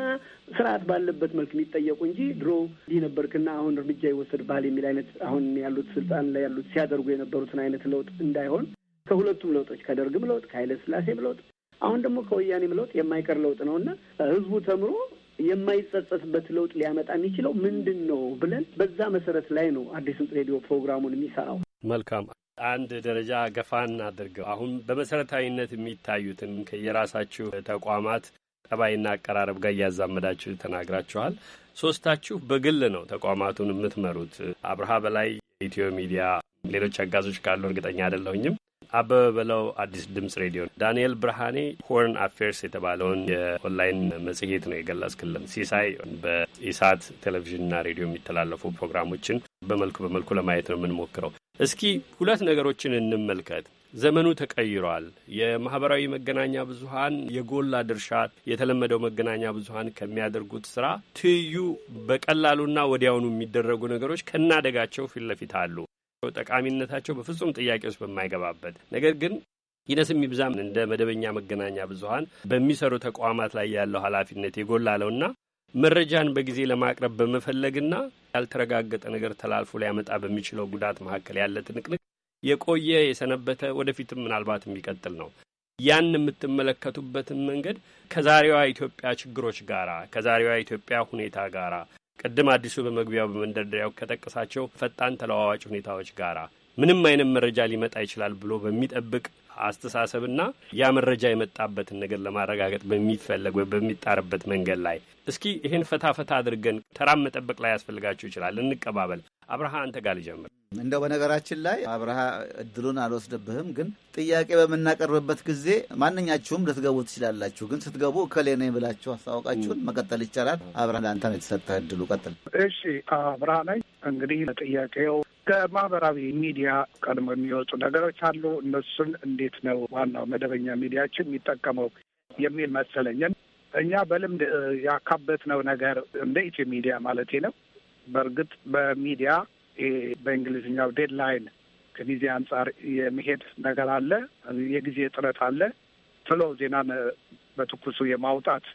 ስርዓት ባለበት መልክ የሚጠየቁ እንጂ ድሮ እንዲህ ነበርክና አሁን እርምጃ ይወሰድ ባህል የሚል አይነት አሁን ያሉት ስልጣን ላይ ያሉት ሲያደርጉ የነበሩትን አይነት ለውጥ እንዳይሆን ከሁለቱም ለውጦች ከደርግም ለውጥ ከኃይለ ስላሴም ለውጥ አሁን ደግሞ ከወያኔም ለውጥ የማይቀር ለውጥ ነው እና ህዝቡ ተምሮ የማይጸጸትበት ለውጥ ሊያመጣ የሚችለው ምንድን ነው ብለን በዛ መሰረት ላይ ነው አዲስ ሬዲዮ ፕሮግራሙን የሚሰራው። መልካም አንድ ደረጃ ገፋን አድርገው አሁን በመሰረታዊነት የሚታዩትን ከየራሳችሁ ተቋማት ጠባይና አቀራረብ ጋር እያዛመዳችሁ ተናግራችኋል። ሶስታችሁ በግል ነው ተቋማቱን የምትመሩት። አብርሃ በላይ ኢትዮ ሚዲያ፣ ሌሎች አጋዞች ካሉ እርግጠኛ አይደለሁኝም። አበበ በለው አዲስ ድምጽ ሬዲዮ። ዳንኤል ብርሃኔ ሆርን አፌርስ የተባለውን የኦንላይን መጽሔት ነው የገለጽክልን። ሲሳይ በኢሳት ቴሌቪዥንና ሬዲዮ የሚተላለፉ ፕሮግራሞችን በመልኩ በመልኩ ለማየት ነው የምንሞክረው። እስኪ ሁለት ነገሮችን እንመልከት። ዘመኑ ተቀይሯል። የማህበራዊ መገናኛ ብዙሀን የጎላ ድርሻ የተለመደው መገናኛ ብዙሀን ከሚያደርጉት ስራ ትይዩ በቀላሉና ወዲያውኑ የሚደረጉ ነገሮች ከናደጋቸው ፊት ለፊት አሉ። ጠቃሚነታቸው በፍጹም ጥያቄ ውስጥ በማይገባበት ነገር ግን ይነስ የሚብዛም እንደ መደበኛ መገናኛ ብዙኃን በሚሰሩ ተቋማት ላይ ያለው ኃላፊነት የጎላለውና መረጃን በጊዜ ለማቅረብ በመፈለግና ያልተረጋገጠ ነገር ተላልፎ ሊያመጣ በሚችለው ጉዳት መካከል ያለ ትንቅንቅ የቆየ የሰነበተ ወደፊትም ምናልባት የሚቀጥል ነው። ያን የምትመለከቱበትን መንገድ ከዛሬዋ ኢትዮጵያ ችግሮች ጋራ ከዛሬዋ ኢትዮጵያ ሁኔታ ጋራ ቅድም አዲሱ በመግቢያው በመንደርደሪያው ከጠቀሳቸው ፈጣን ተለዋዋጭ ሁኔታዎች ጋር ምንም አይነት መረጃ ሊመጣ ይችላል ብሎ በሚጠብቅ አስተሳሰብና ያ መረጃ የመጣበትን ነገር ለማረጋገጥ በሚፈለግ ወይ በሚጣርበት መንገድ ላይ እስኪ ይህን ፈታ ፈታ አድርገን ተራም መጠበቅ ላይ ያስፈልጋቸው ይችላል። እንቀባበል። አብርሃ አንተ ጋር ልጀምር። እንደው በነገራችን ላይ አብርሃ እድሉን አልወስድብህም፣ ግን ጥያቄ በምናቀርብበት ጊዜ ማንኛችሁም ልትገቡ ትችላላችሁ። ግን ስትገቡ እከሌ ነኝ ብላችሁ አስታወቃችሁን መቀጠል ይቻላል። አብርሃ ለአንተ ነው የተሰጠ እድሉ፣ ቀጥል። እሺ አብርሃ ነኝ። እንግዲህ ለጥያቄው ከማህበራዊ ሚዲያ ቀድሞ የሚወጡ ነገሮች አሉ። እነሱን እንዴት ነው ዋናው መደበኛ ሚዲያችን የሚጠቀመው የሚል መሰለኝን እኛ በልምድ ያካበት ነው ነገር እንደ ኢትዮ ሚዲያ ማለቴ ነው በእርግጥ በሚዲያ በእንግሊዝኛው ዴድላይን ከጊዜ አንጻር የመሄድ ነገር አለ፣ የጊዜ ጥረት አለ። ቶሎ ዜናን በትኩሱ የማውጣት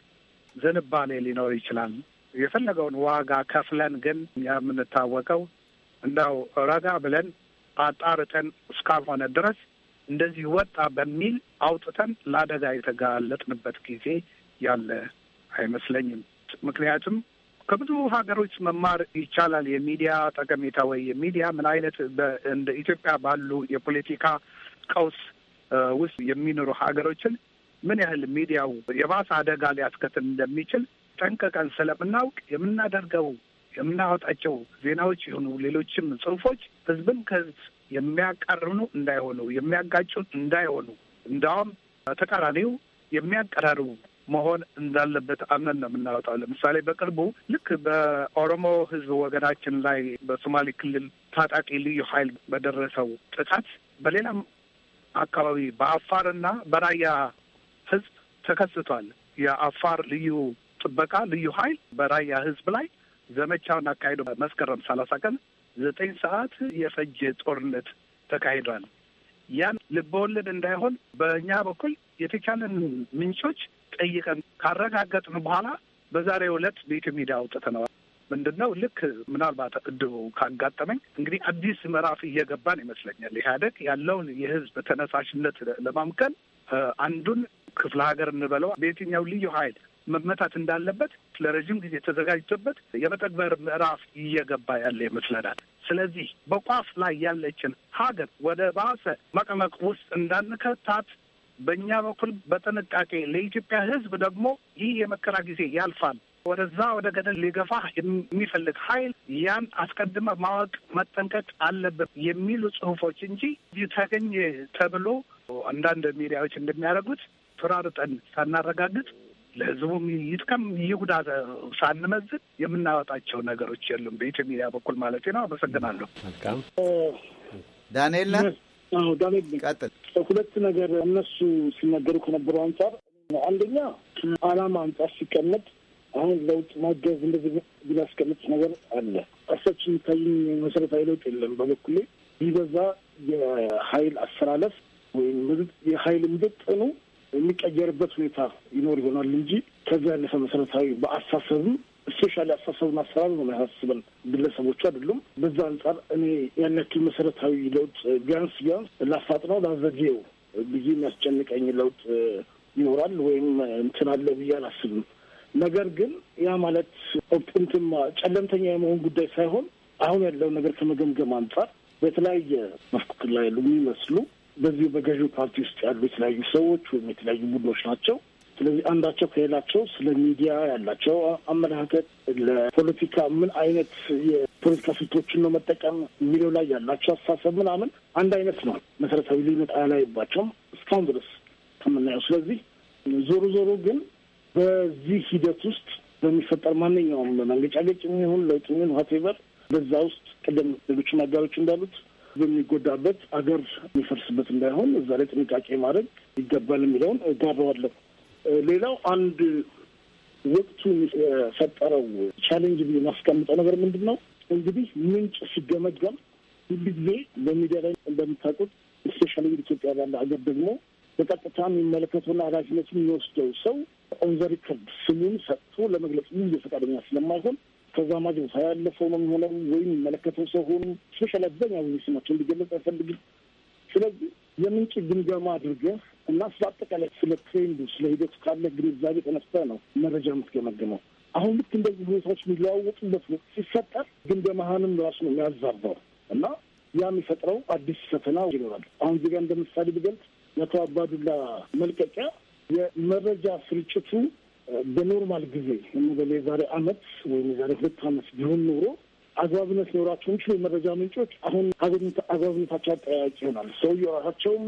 ዝንባሌ ሊኖር ይችላል። የፈለገውን ዋጋ ከፍለን ግን የምንታወቀው እንደው ረጋ ብለን አጣርተን እስካልሆነ ድረስ እንደዚህ ወጣ በሚል አውጥተን ለአደጋ የተጋለጥንበት ጊዜ ያለ አይመስለኝም። ምክንያቱም ከብዙ ሀገሮች መማር ይቻላል። የሚዲያ ጠቀሜታ ወይ የሚዲያ ምን አይነት እንደ ኢትዮጵያ ባሉ የፖለቲካ ቀውስ ውስጥ የሚኖሩ ሀገሮችን ምን ያህል ሚዲያው የባሰ አደጋ ሊያስከትል እንደሚችል ጠንቅቀን ስለምናውቅ የምናደርገው የምናወጣቸው ዜናዎች የሆኑ ሌሎችም ጽሁፎች ህዝብን ከህዝብ የሚያቀርኑ እንዳይሆኑ፣ የሚያጋጩ እንዳይሆኑ፣ እንዳውም ተቃራኒው የሚያቀራርቡ መሆን እንዳለበት አምነን ነው የምናወጣው። ለምሳሌ በቅርቡ ልክ በኦሮሞ ህዝብ ወገናችን ላይ በሶማሌ ክልል ታጣቂ ልዩ ኃይል በደረሰው ጥቃት በሌላም አካባቢ በአፋርና በራያ ህዝብ ተከስቷል። የአፋር ልዩ ጥበቃ ልዩ ኃይል በራያ ህዝብ ላይ ዘመቻውን አካሂዶ መስከረም ሰላሳ ቀን ዘጠኝ ሰዓት የፈጀ ጦርነት ተካሂዷል። ያን ልብ እንዳይሆን በእኛ በኩል የተቻለን ምንጮች ጠይቀን ካረጋገጥን በኋላ በዛሬው ዕለት በኢትዮሚዲያ አውጥተነዋል። ምንድን ነው ልክ ምናልባት እድቡ ካጋጠመኝ እንግዲህ አዲስ ምዕራፍ እየገባን ይመስለኛል። ኢህአደግ ያለውን የህዝብ ተነሳሽነት ለማምከን አንዱን ክፍለ ሀገር እንበለው በየትኛው ልዩ ኃይል መመታት እንዳለበት ለረዥም ጊዜ ተዘጋጅቶበት የመጠግበር ምዕራፍ እየገባ ያለ ይመስለናል። ስለዚህ በቋፍ ላይ ያለችን ሀገር ወደ ባሰ መቀመቅ ውስጥ እንዳንከታት በእኛ በኩል በጥንቃቄ ለኢትዮጵያ ሕዝብ ደግሞ ይህ የመከራ ጊዜ ያልፋል ወደዛ ወደ ገደል ሊገፋ የሚፈልግ ኃይል ያን አስቀድመ ማወቅ መጠንቀቅ አለበት የሚሉ ጽሁፎች እንጂ ተገኘ ተብሎ አንዳንድ ሚዲያዎች እንደሚያደርጉት ፍራርጠን ሳናረጋግጥ ለህዝቡም ይጥቀም ይጉዳ ሳንመዝን የምናወጣቸው ነገሮች የሉም። በኢትዮ ሚዲያ በኩል ማለት ነው። አመሰግናለሁ። ዳንኤል ቀጥል። ሁለት ነገር እነሱ ሲነገሩ ከነበሩ አንጻር አንደኛ ከዓላማ አንጻር ሲቀመጥ አሁን ለውጥ ማገዝ እንደዚህ ቢላስቀምጥ ነገር አለ እርሰች የሚታይኝ መሰረታዊ ለውጥ የለም። በበኩሌ ቢበዛ የሀይል አሰላለፍ ወይም የሀይል ምጥጥኑ የሚቀየርበት ሁኔታ ይኖር ይሆናል እንጂ ከዚያ ያለፈ መሰረታዊ በአሳሰብም ሶሻል ያሳሰቡን አሰራር ነው ያሳስበን፣ ግለሰቦቹ አይደሉም። በዛ አንጻር እኔ ያን ያክል መሰረታዊ ለውጥ ቢያንስ ቢያንስ ላፋጥነው ላዘጌው ብዬ የሚያስጨንቀኝ ለውጥ ይኖራል ወይም እንትን አለ ብዬ አላስብም። ነገር ግን ያ ማለት እንትን ጨለምተኛ የመሆን ጉዳይ ሳይሆን አሁን ያለው ነገር ከመገምገም አንጻር በተለያየ መፍኩክል ላይ ያሉ የሚመስሉ በዚሁ በገዢው ፓርቲ ውስጥ ያሉ የተለያዩ ሰዎች ወይም የተለያዩ ቡድኖች ናቸው ስለዚህ አንዳቸው ከሌላቸው ስለ ሚዲያ ያላቸው አመለካከት፣ ለፖለቲካ ምን አይነት የፖለቲካ ስልቶችን ነው መጠቀም የሚለው ላይ ያላቸው አስተሳሰብ ምናምን አንድ አይነት ነው። መሰረታዊ ልዩነት አላይባቸውም እስካሁን ድረስ ከምናየው። ስለዚህ ዞሮ ዞሮ ግን በዚህ ሂደት ውስጥ በሚፈጠር ማንኛውም መንገጫገጭ የሚሆን ለውጥ የሚሆን ሀቴቨር በዛ ውስጥ ቀደም ሌሎች አጋሮች እንዳሉት በሚጎዳበት አገር የሚፈርስበት እንዳይሆን እዛ ላይ ጥንቃቄ ማድረግ ይገባል የሚለውን ጋባዋለሁ። ሌላው አንድ ወቅቱን የፈጠረው ቻሌንጅ ብዬ ማስቀምጠው ነገር ምንድን ነው እንግዲህ ምንጭ ሲገመገም ሁሉ ጊዜ በሚዲያ ላይ እንደምታውቁት ስፔሻሊ ኢትዮጵያ ባለ ሀገር ደግሞ በቀጥታ የሚመለከተውና ኃላፊነቱን የሚወስደው ሰው ኦን ዘ ሪከርድ ስሙን ሰጥቶ ለመግለጽ ብዙ ፈቃደኛ ስለማይሆን ከዛ ማጅ ቦታ ያለፈው ነው የሚሆነው ወይም የሚመለከተው ሰው ሆኑ ስፔሻል አብዛኛው ስማቸው እንዲገለጽ አይፈልግም። ስለዚህ የምንጭ ግምገማ አድርገህ እና ስለ አጠቃላይ ስለ ትሬንዱ ስለ ሂደቱ ካለ ግንዛቤ ተነስተ ነው መረጃ የምትገመግመው። አሁን ልክ እንደዚህ ሁኔታዎች የሚለዋወጡበት ወቅት ሲፈጠር ግምገማህንም ራሱ ነው የሚያዛባው እና ያ የሚፈጥረው አዲስ ፈተና ይኖራል። አሁን እዚህ እንደምሳሌ ብገልጽ የአቶ አባዱላ መልቀቂያ የመረጃ ስርጭቱ በኖርማል ጊዜ የዛሬ አመት ወይም የዛሬ ሁለት አመት ቢሆን ኖሮ አግባብነት ሊኖራቸው የሚችሉ የመረጃ ምንጮች አሁን አግባብነታቸው አጠያቂ ይሆናል። ሰውየው ራሳቸውም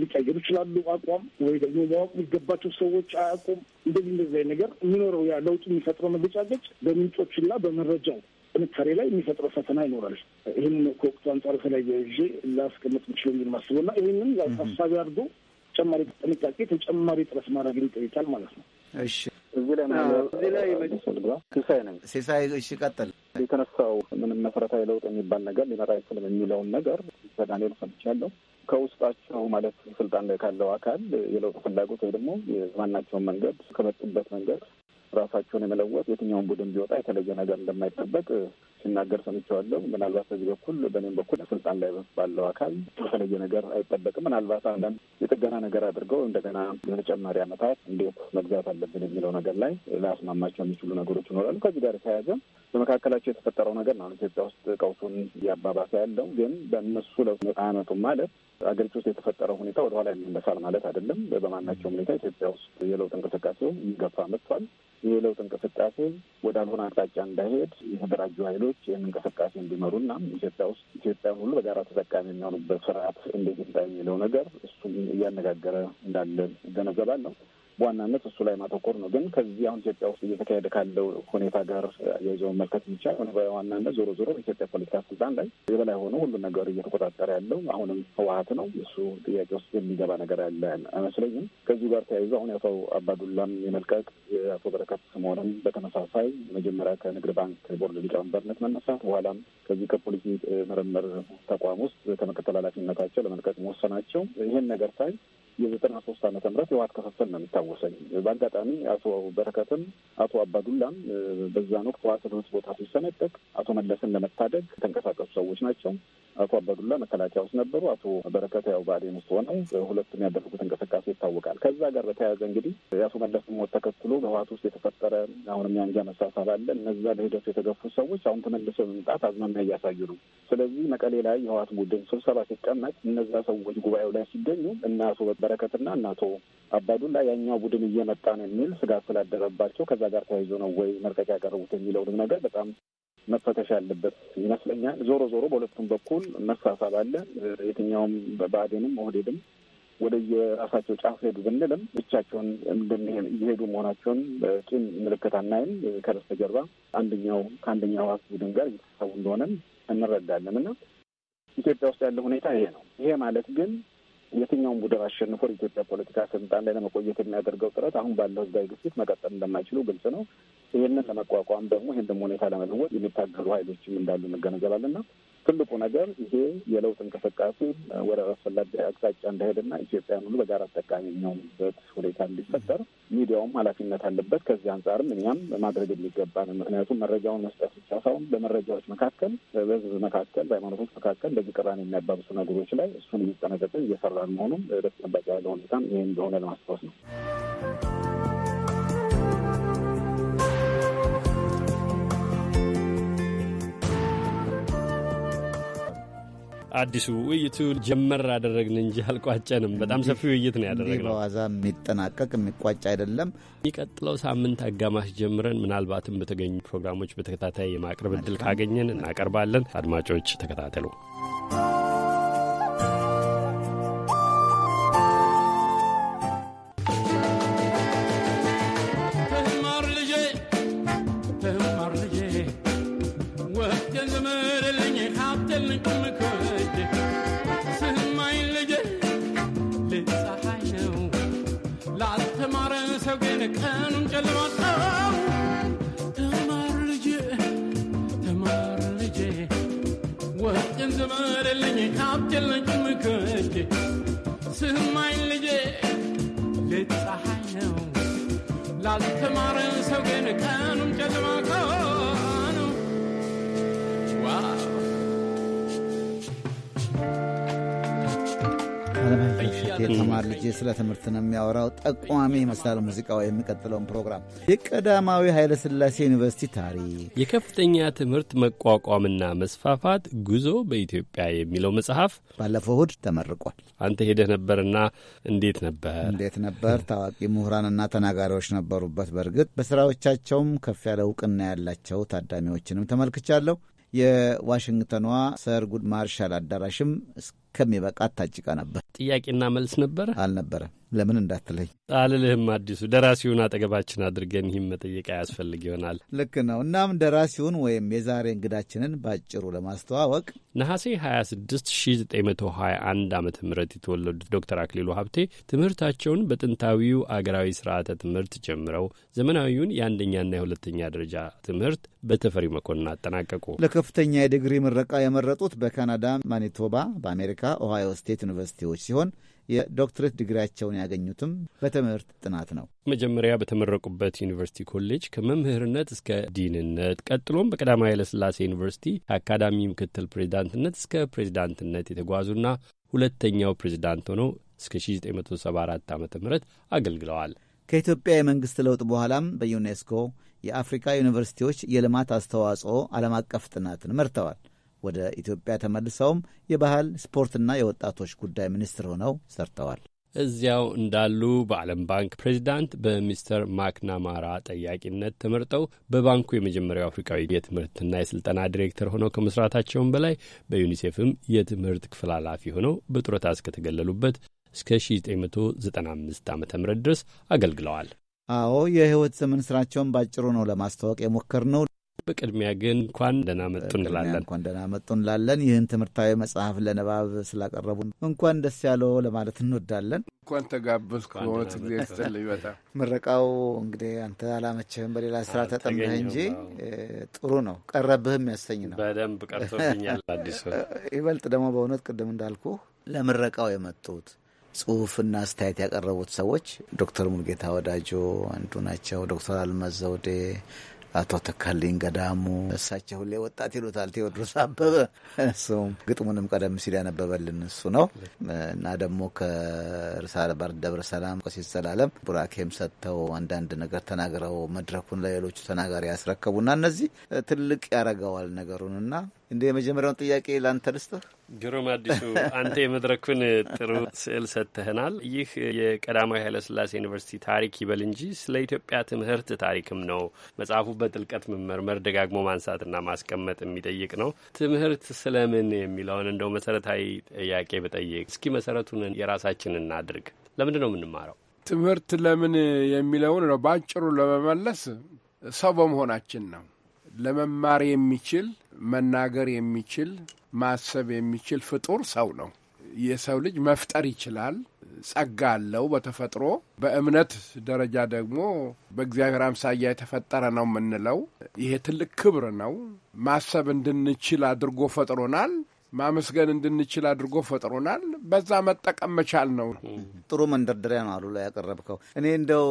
ሊቀይሩ ይችላሉ አቋም ወይ ደግሞ ማወቅ የሚገባቸው ሰዎች አያውቁም። እንደዚህ እንደዚህ ነገር የሚኖረው ያ ለውጥ የሚፈጥረው መገጫገጭ በምንጮችና በመረጃው ጥንካሬ ላይ የሚፈጥረው ፈተና ይኖራል። ይህንን ከወቅቱ አንጻር የተለያየ ይዤ ላስቀምጥ ምችለ የሚል ማስበና ይህንን ታሳቢ አድርጎ ተጨማሪ ጥንቃቄ ተጨማሪ ጥረት ማድረግን ይጠይቃል ማለት ነው። እሺ እዚህ ላይ እዚህ ላይ ሲሳይ ነኝ። ሲሳይ እሺ ቀጥል። የተነሳው ምንም መሰረታዊ ለውጥ የሚባል ነገር ሊመጣ አይችልም የሚለውን ነገር ከዳንኤል ሰምቻለሁ። ከውስጣቸው ማለት ስልጣን ላይ ካለው አካል የለውጥ ፍላጎት ወይ ደግሞ የማናቸውን መንገድ ከመጡበት መንገድ ራሳቸውን የመለወጥ የትኛውን ቡድን ቢወጣ የተለየ ነገር እንደማይጠበቅ ሲናገር ሰምቸዋለሁ። ምናልባት በዚህ በኩል በእኔም በኩል ስልጣን ላይ ባለው አካል የተለየ ነገር አይጠበቅም። ምናልባት አንዳንድ የጥገና ነገር አድርገው እንደገና ለተጨማሪ ዓመታት እንዴት መግዛት አለብን የሚለው ነገር ላይ ላያስማማቸው የሚችሉ ነገሮች ይኖራሉ። ከዚህ ጋር የተያያዘ በመካከላቸው የተፈጠረው ነገር ነው ኢትዮጵያ ውስጥ ቀውሱን እያባባሰ ያለው። ግን በእነሱ ለአመቱ ማለት አገሪቱ ውስጥ የተፈጠረው ሁኔታ ወደኋላ የሚመሳል ማለት አይደለም። በማናቸውም ሁኔታ ኢትዮጵያ ውስጥ የለውጥ እንቅስቃሴው እየገፋ መጥቷል። ይህ የለውጥ እንቅስቃሴ ወዳልሆነ አቅጣጫ እንዳይሄድ የተደራጁ ኃይሎች ይህን እንቅስቃሴ እንዲመሩና ኢትዮጵያ ውስጥ ኢትዮጵያን ሁሉ በጋራ ተጠቃሚ የሚሆኑበት ስርዓት እንዴት ይምጣ የሚለው ነገር እሱም እያነጋገረ እንዳለ እገነዘባለሁ። በዋናነት እሱ ላይ ማተኮር ነው። ግን ከዚህ አሁን ኢትዮጵያ ውስጥ እየተካሄደ ካለው ሁኔታ ጋር አያይዞ መመልከት ሆነ በዋናነት ዞሮ ዞሮ በኢትዮጵያ ፖለቲካ ስልጣን ላይ የበላይ ሆኖ ሁሉ ነገር እየተቆጣጠረ ያለው አሁንም ህወሀት ነው። እሱ ጥያቄ ውስጥ የሚገባ ነገር ያለ አይመስለኝም። ከዚሁ ጋር ተያይዞ አሁን የአቶ አባዱላም የመልቀቅ የአቶ በረከት ስምኦንም በተመሳሳይ መጀመሪያ ከንግድ ባንክ ቦርድ ሊቀመንበርነት መነሳት፣ በኋላም ከዚህ ከፖሊሲ ምርምር ተቋም ውስጥ ከመከተል ኃላፊነታቸው ለመልቀቅ መወሰናቸው ይህን ነገር ሳይ የዘጠና ሶስት አመተ ምህረት የውሀት ክፍፍል ነው የሚታወሰኝ። በአጋጣሚ አቶ በረከትም አቶ አባዱላም በዛን ወቅት ውሀት ትምህርት ቦታ ሲሰነጠቅ አቶ መለስን ለመታደግ የተንቀሳቀሱ ሰዎች ናቸው። አቶ አባዱላ መከላከያ ውስጥ ነበሩ። አቶ በረከት ያው ብአዴን ውስጥ ሆነው ሁለቱም ያደረጉት እንቅስቃሴ ይታወቃል። ከዛ ጋር በተያያዘ እንግዲህ የአቶ መለስ ሞት ተከትሎ በህዋት ውስጥ የተፈጠረ አሁንም የአንጃ መሳሳብ አለ። እነዛ ለሂደቱ የተገፉት ሰዎች አሁን ተመልሶ በመምጣት አዝማሚያ እያሳዩ ነው። ስለዚህ መቀሌ ላይ የህዋት ቡድን ስብሰባ ሲቀመጥ እነዛ ሰዎች ጉባኤው ላይ ሲገኙ እና አቶ በረከትና እና አቶ አባዱላ ያኛው ቡድን እየመጣ ነው የሚል ስጋት ስላደረባቸው ከዛ ጋር ተያይዞ ነው ወይ መልቀቂያ ያቀረቡት የሚለውንም ነገር በጣም መፈተሽ ያለበት ይመስለኛል። ዞሮ ዞሮ በሁለቱም በኩል መሳሳብ አለ። የትኛውም በአዴንም ኦህዴድም ወደ የራሳቸው ጫፍ ሄዱ ብንልም ብቻቸውን እየሄዱ መሆናቸውን ቂም ምልክት አናይም። ከበስተጀርባ አንደኛው ከአንደኛው ህዋስ ቡድን ጋር እየተሳቡ እንደሆነም እንረዳለን እና ኢትዮጵያ ውስጥ ያለ ሁኔታ ይሄ ነው። ይሄ ማለት ግን የትኛውም ቡድን አሸንፎ ለኢትዮጵያ ፖለቲካ ስልጣን ላይ ለመቆየት የሚያደርገው ጥረት አሁን ባለው ህዝባዊ ግፊት መቀጠል እንደማይችሉ ግልጽ ነው። ይህንን ለመቋቋም ደግሞ ይህን ደግሞ ሁኔታ ለመለወጥ የሚታገሉ ሀይሎችም እንዳሉ እንገነዘባለን እና ትልቁ ነገር ይሄ የለውጥ እንቅስቃሴ ወደ አስፈላጊ አቅጣጫ እንዳሄደና ኢትዮጵያን ሁሉ በጋራ ተጠቃሚ የሚሆኑበት ሁኔታ እንዲፈጠር ሚዲያውም ኃላፊነት አለበት። ከዚህ አንጻርም እኛም ማድረግ የሚገባን ምክንያቱም መረጃውን መስጠት ብቻ ሳይሆን በመረጃዎች መካከል፣ በህዝብ መካከል፣ በሃይማኖቶች መካከል በዚህ ቅራኔ የሚያባብሱ ነገሮች ላይ እሱን እየተጠነቀቅን እየሰራን መሆኑም ደስ ጠባቂ ያለ ሁኔታ ይህ እንደሆነ ለማስታወስ ነው። አዲሱ ውይይቱ ጀመር አደረግን እንጂ አልቋጨንም። በጣም ሰፊ ውይይት ነው ያደረግነው። በዋዛ የሚጠናቀቅ የሚቋጭ አይደለም። የሚቀጥለው ሳምንት አጋማሽ ጀምረን ምናልባትም በተገኙ ፕሮግራሞች በተከታታይ የማቅረብ እድል ካገኘን እናቀርባለን። አድማጮች ተከታተሉ። ዝመርልኝ ካብጀለች ምክእጅ ስማኝ ልጄ ልፀሐይ ነው ላልተማረ ሰው ግን ቀኑም ጨለማ የተማር ልጄ ስለ ትምህርት ነው የሚያወራው። ጠቋሚ ይመስላል ሙዚቃው። የሚቀጥለውን ፕሮግራም የቀዳማዊ ኃይለሥላሴ ዩኒቨርሲቲ ታሪክ፣ የከፍተኛ ትምህርት መቋቋምና መስፋፋት ጉዞ በኢትዮጵያ የሚለው መጽሐፍ ባለፈው እሁድ ተመርቋል። አንተ ሄደህ ነበርና እንዴት ነበር? እንዴት ነበር? ታዋቂ ምሁራንና ተናጋሪዎች ነበሩበት። በእርግጥ በስራዎቻቸውም ከፍ ያለ እውቅና ያላቸው ታዳሚዎችንም ተመልክቻለሁ። የዋሽንግተኗ ሰር ጉድ ማርሻል አዳራሽም ከሚበቃት ታጭቃ ነበር። ጥያቄና መልስ ነበር አልነበረም። ለምን እንዳትለኝ አልልህም። አዲሱ ደራሲውን አጠገባችን አድርገን ይህም መጠየቅ ያስፈልግ ይሆናል። ልክ ነው። እናም ደራሲውን ወይም የዛሬ እንግዳችንን ባጭሩ ለማስተዋወቅ ነሐሴ 26 1921 ዓ ም የተወለዱት ዶክተር አክሊሉ ሀብቴ ትምህርታቸውን በጥንታዊው አገራዊ ስርዓተ ትምህርት ጀምረው ዘመናዊውን የአንደኛና የሁለተኛ ደረጃ ትምህርት በተፈሪ መኮንን አጠናቀቁ። ለከፍተኛ የዲግሪ ምረቃ የመረጡት በካናዳ ማኒቶባ፣ በአሜሪካ ኦሃዮ ስቴት ዩኒቨርሲቲዎች ሲሆን የዶክትሬት ድግሪያቸውን ያገኙትም በትምህርት ጥናት ነው። መጀመሪያ በተመረቁበት ዩኒቨርሲቲ ኮሌጅ ከመምህርነት እስከ ዲንነት ቀጥሎም በቀዳማዊ ኃይለሥላሴ ዩኒቨርሲቲ ከአካዳሚ ምክትል ፕሬዚዳንትነት እስከ ፕሬዚዳንትነት የተጓዙና ሁለተኛው ፕሬዚዳንት ሆነው እስከ 1974 ዓ ም አገልግለዋል። ከኢትዮጵያ የመንግሥት ለውጥ በኋላም በዩኔስኮ የአፍሪካ ዩኒቨርሲቲዎች የልማት አስተዋጽኦ ዓለም አቀፍ ጥናትን መርተዋል። ወደ ኢትዮጵያ ተመልሰውም የባህል ስፖርትና የወጣቶች ጉዳይ ሚኒስትር ሆነው ሰርተዋል። እዚያው እንዳሉ በዓለም ባንክ ፕሬዚዳንት በሚስተር ማክናማራ ጠያቂነት ተመርጠው በባንኩ የመጀመሪያው አፍሪካዊ የትምህርትና የስልጠና ዲሬክተር ሆነው ከመስራታቸውም በላይ በዩኒሴፍም የትምህርት ክፍል ኃላፊ ሆነው በጡረታ እስከተገለሉበት እስከ 1995 ዓ ም ድረስ አገልግለዋል። አዎ የህይወት ዘመን ስራቸውን ባጭሩ ነው ለማስታወቅ ነው። በቅድሚያ ግን እንኳን ደህና መጡ እንላለን። እንኳን ደህና መጡ እንላለን። ይህን ትምህርታዊ መጽሐፍ ለንባብ ስላቀረቡ እንኳን ደስ ያለው ለማለት እንወዳለን። እንኳን ተጋበዝኩ። በእውነት ጊዜ ስትል በጣም ምረቃው እንግዲህ አንተ አላመችህም፣ በሌላ ስራ ተጠምህ እንጂ ጥሩ ነው፣ ቀረብህ የሚያሰኝ ነው። በደንብ ቀርቶብኛል። አዲሱ ይበልጥ ደግሞ በእውነት ቅድም እንዳልኩ ለምረቃው የመጡት ጽሁፍና አስተያየት ያቀረቡት ሰዎች ዶክተር ሙልጌታ ወዳጆ አንዱ ናቸው። ዶክተር አልመዘውዴ አቶ ተካልኝ ገዳሙ፣ እሳቸው ሁሌ ወጣት ይሉታል ቴዎድሮስ አበበ። እሱም ግጥሙንም ቀደም ሲል ያነበበልን እሱ ነው እና ደግሞ ከርሳ ባር ደብረ ሰላም ቀሲስ ዘላለም ቡራኬም ሰጥተው አንዳንድ ነገር ተናግረው መድረኩን ለሌሎቹ ተናጋሪ ያስረከቡና እነዚህ ትልቅ ያረገዋል ነገሩንና እንደ የመጀመሪያውን ጥያቄ ለአንተ ልስጥህ። ግሩም አዲሱ፣ አንተ የመድረኩን ጥሩ ስዕል ሰጥተህናል። ይህ የቀዳማዊ ኃይለስላሴ ዩኒቨርሲቲ ታሪክ ይበል እንጂ ስለ ኢትዮጵያ ትምህርት ታሪክም ነው። መጽሐፉ በጥልቀት መመርመር፣ ደጋግሞ ማንሳትና ማስቀመጥ የሚጠይቅ ነው። ትምህርት ስለምን የሚለውን እንደው መሰረታዊ ጥያቄ ብጠይቅ፣ እስኪ መሰረቱን የራሳችን እናድርግ። ለምንድን ነው የምንማረው? ትምህርት ለምን የሚለውን ነው በአጭሩ ለመመለስ ሰው በመሆናችን ነው ለመማር የሚችል መናገር የሚችል ማሰብ የሚችል ፍጡር ሰው ነው። የሰው ልጅ መፍጠር ይችላል። ጸጋ አለው በተፈጥሮ። በእምነት ደረጃ ደግሞ በእግዚአብሔር አምሳያ የተፈጠረ ነው የምንለው። ይሄ ትልቅ ክብር ነው። ማሰብ እንድንችል አድርጎ ፈጥሮናል። ማመስገን እንድንችል አድርጎ ፈጥሮናል። በዛ መጠቀም መቻል ነው። ጥሩ መንደርደሪያ ነው አሉ ላይ ያቀረብከው። እኔ እንደው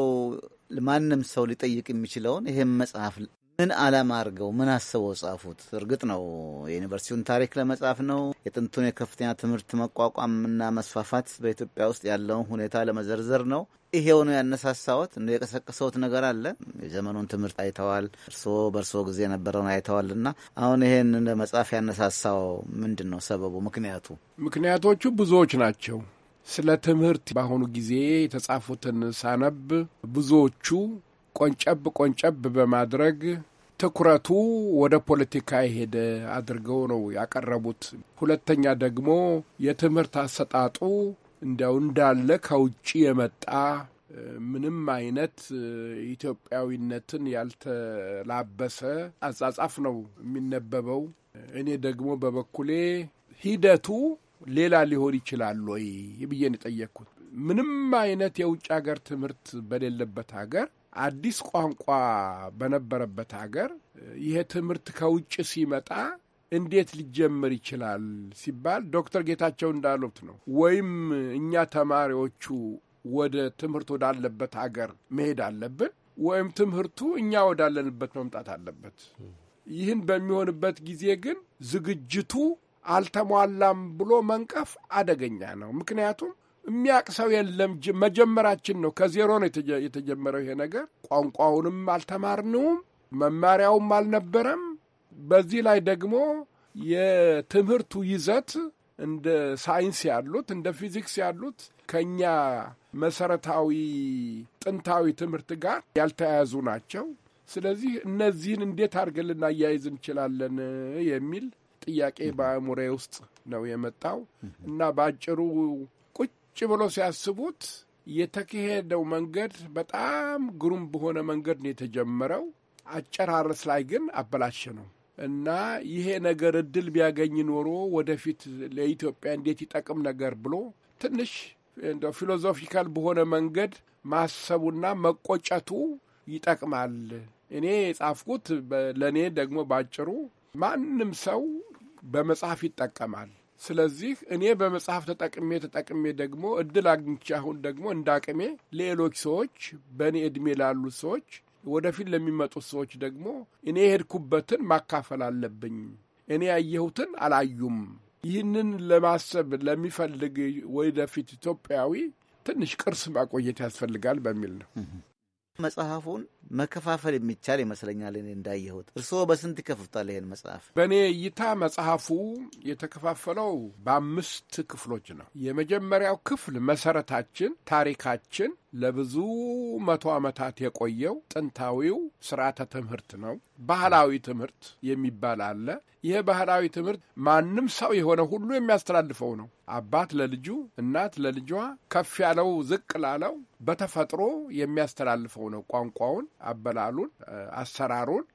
ማንም ሰው ሊጠይቅ የሚችለውን ይህም መጽሐፍ ምን ዓላማ አድርገው ምን አስበው ጻፉት? እርግጥ ነው የዩኒቨርሲቲውን ታሪክ ለመጻፍ ነው፣ የጥንቱን የከፍተኛ ትምህርት መቋቋምና መስፋፋት በኢትዮጵያ ውስጥ ያለውን ሁኔታ ለመዘርዘር ነው። ይሄው ነው ያነሳሳዎት? እንደ የቀሰቀሰውት ነገር አለ? የዘመኑን ትምህርት አይተዋል፣ እርስዎ በእርስዎ ጊዜ የነበረውን አይተዋል። እና አሁን ይሄን መጽሐፍ ያነሳሳው ምንድን ነው ሰበቡ? ምክንያቱ ምክንያቶቹ ብዙዎች ናቸው። ስለ ትምህርት በአሁኑ ጊዜ የተጻፉትን ሳነብ ብዙዎቹ ቆንጨብ ቆንጨብ በማድረግ ትኩረቱ ወደ ፖለቲካ የሄደ አድርገው ነው ያቀረቡት። ሁለተኛ ደግሞ የትምህርት አሰጣጡ እንዲያው እንዳለ ከውጭ የመጣ ምንም አይነት ኢትዮጵያዊነትን ያልተላበሰ አጻጻፍ ነው የሚነበበው። እኔ ደግሞ በበኩሌ ሂደቱ ሌላ ሊሆን ይችላል ወይ ብዬን የጠየቅኩት ምንም አይነት የውጭ ሀገር ትምህርት በሌለበት ሀገር አዲስ ቋንቋ በነበረበት አገር ይሄ ትምህርት ከውጭ ሲመጣ እንዴት ሊጀመር ይችላል ሲባል ዶክተር ጌታቸው እንዳሉት ነው። ወይም እኛ ተማሪዎቹ ወደ ትምህርት ወዳለበት አገር መሄድ አለብን፣ ወይም ትምህርቱ እኛ ወዳለንበት መምጣት አለበት። ይህን በሚሆንበት ጊዜ ግን ዝግጅቱ አልተሟላም ብሎ መንቀፍ አደገኛ ነው። ምክንያቱም የሚያቅ ሰው የለም። መጀመራችን ነው። ከዜሮ ነው የተጀመረው ይሄ ነገር። ቋንቋውንም አልተማርንውም፣ መማሪያውም አልነበረም። በዚህ ላይ ደግሞ የትምህርቱ ይዘት እንደ ሳይንስ ያሉት እንደ ፊዚክስ ያሉት ከእኛ መሰረታዊ ጥንታዊ ትምህርት ጋር ያልተያያዙ ናቸው። ስለዚህ እነዚህን እንዴት አድርገን ልናያይዝ እንችላለን የሚል ጥያቄ በአእሙሬ ውስጥ ነው የመጣው እና በአጭሩ ቁጭ ብሎ ሲያስቡት የተካሄደው መንገድ በጣም ግሩም በሆነ መንገድ ነው የተጀመረው። አጨራረስ ላይ ግን አበላሸ ነው እና ይሄ ነገር እድል ቢያገኝ ኖሮ ወደፊት ለኢትዮጵያ እንዴት ይጠቅም ነገር ብሎ ትንሽ ፊሎዞፊካል በሆነ መንገድ ማሰቡና መቆጨቱ ይጠቅማል። እኔ የጻፍኩት ለእኔ ደግሞ ባጭሩ ማንም ሰው በመጽሐፍ ይጠቀማል። ስለዚህ እኔ በመጽሐፍ ተጠቅሜ ተጠቅሜ ደግሞ እድል አግኝቼ አሁን ደግሞ እንደ አቅሜ ሌሎች ሰዎች በእኔ እድሜ ላሉ ሰዎች ወደፊት ለሚመጡት ሰዎች ደግሞ እኔ የሄድኩበትን ማካፈል አለብኝ። እኔ ያየሁትን አላዩም። ይህንን ለማሰብ ለሚፈልግ ወደፊት ኢትዮጵያዊ ትንሽ ቅርስ ማቆየት ያስፈልጋል በሚል ነው። መጽሐፉን መከፋፈል የሚቻል ይመስለኛል። እኔ እንዳየሁት እርስዎ በስንት ይከፍሉታል ይሄን መጽሐፍ? በእኔ እይታ መጽሐፉ የተከፋፈለው በአምስት ክፍሎች ነው። የመጀመሪያው ክፍል መሰረታችን፣ ታሪካችን፣ ለብዙ መቶ ዓመታት የቆየው ጥንታዊው ስርዓተ ትምህርት ነው። ባህላዊ ትምህርት የሚባል አለ። ይህ ባህላዊ ትምህርት ማንም ሰው የሆነ ሁሉ የሚያስተላልፈው ነው። አባት ለልጁ፣ እናት ለልጇ፣ ከፍ ያለው ዝቅ ላለው በተፈጥሮ የሚያስተላልፈው ነው። ቋንቋውን፣ አበላሉን፣ አሰራሩን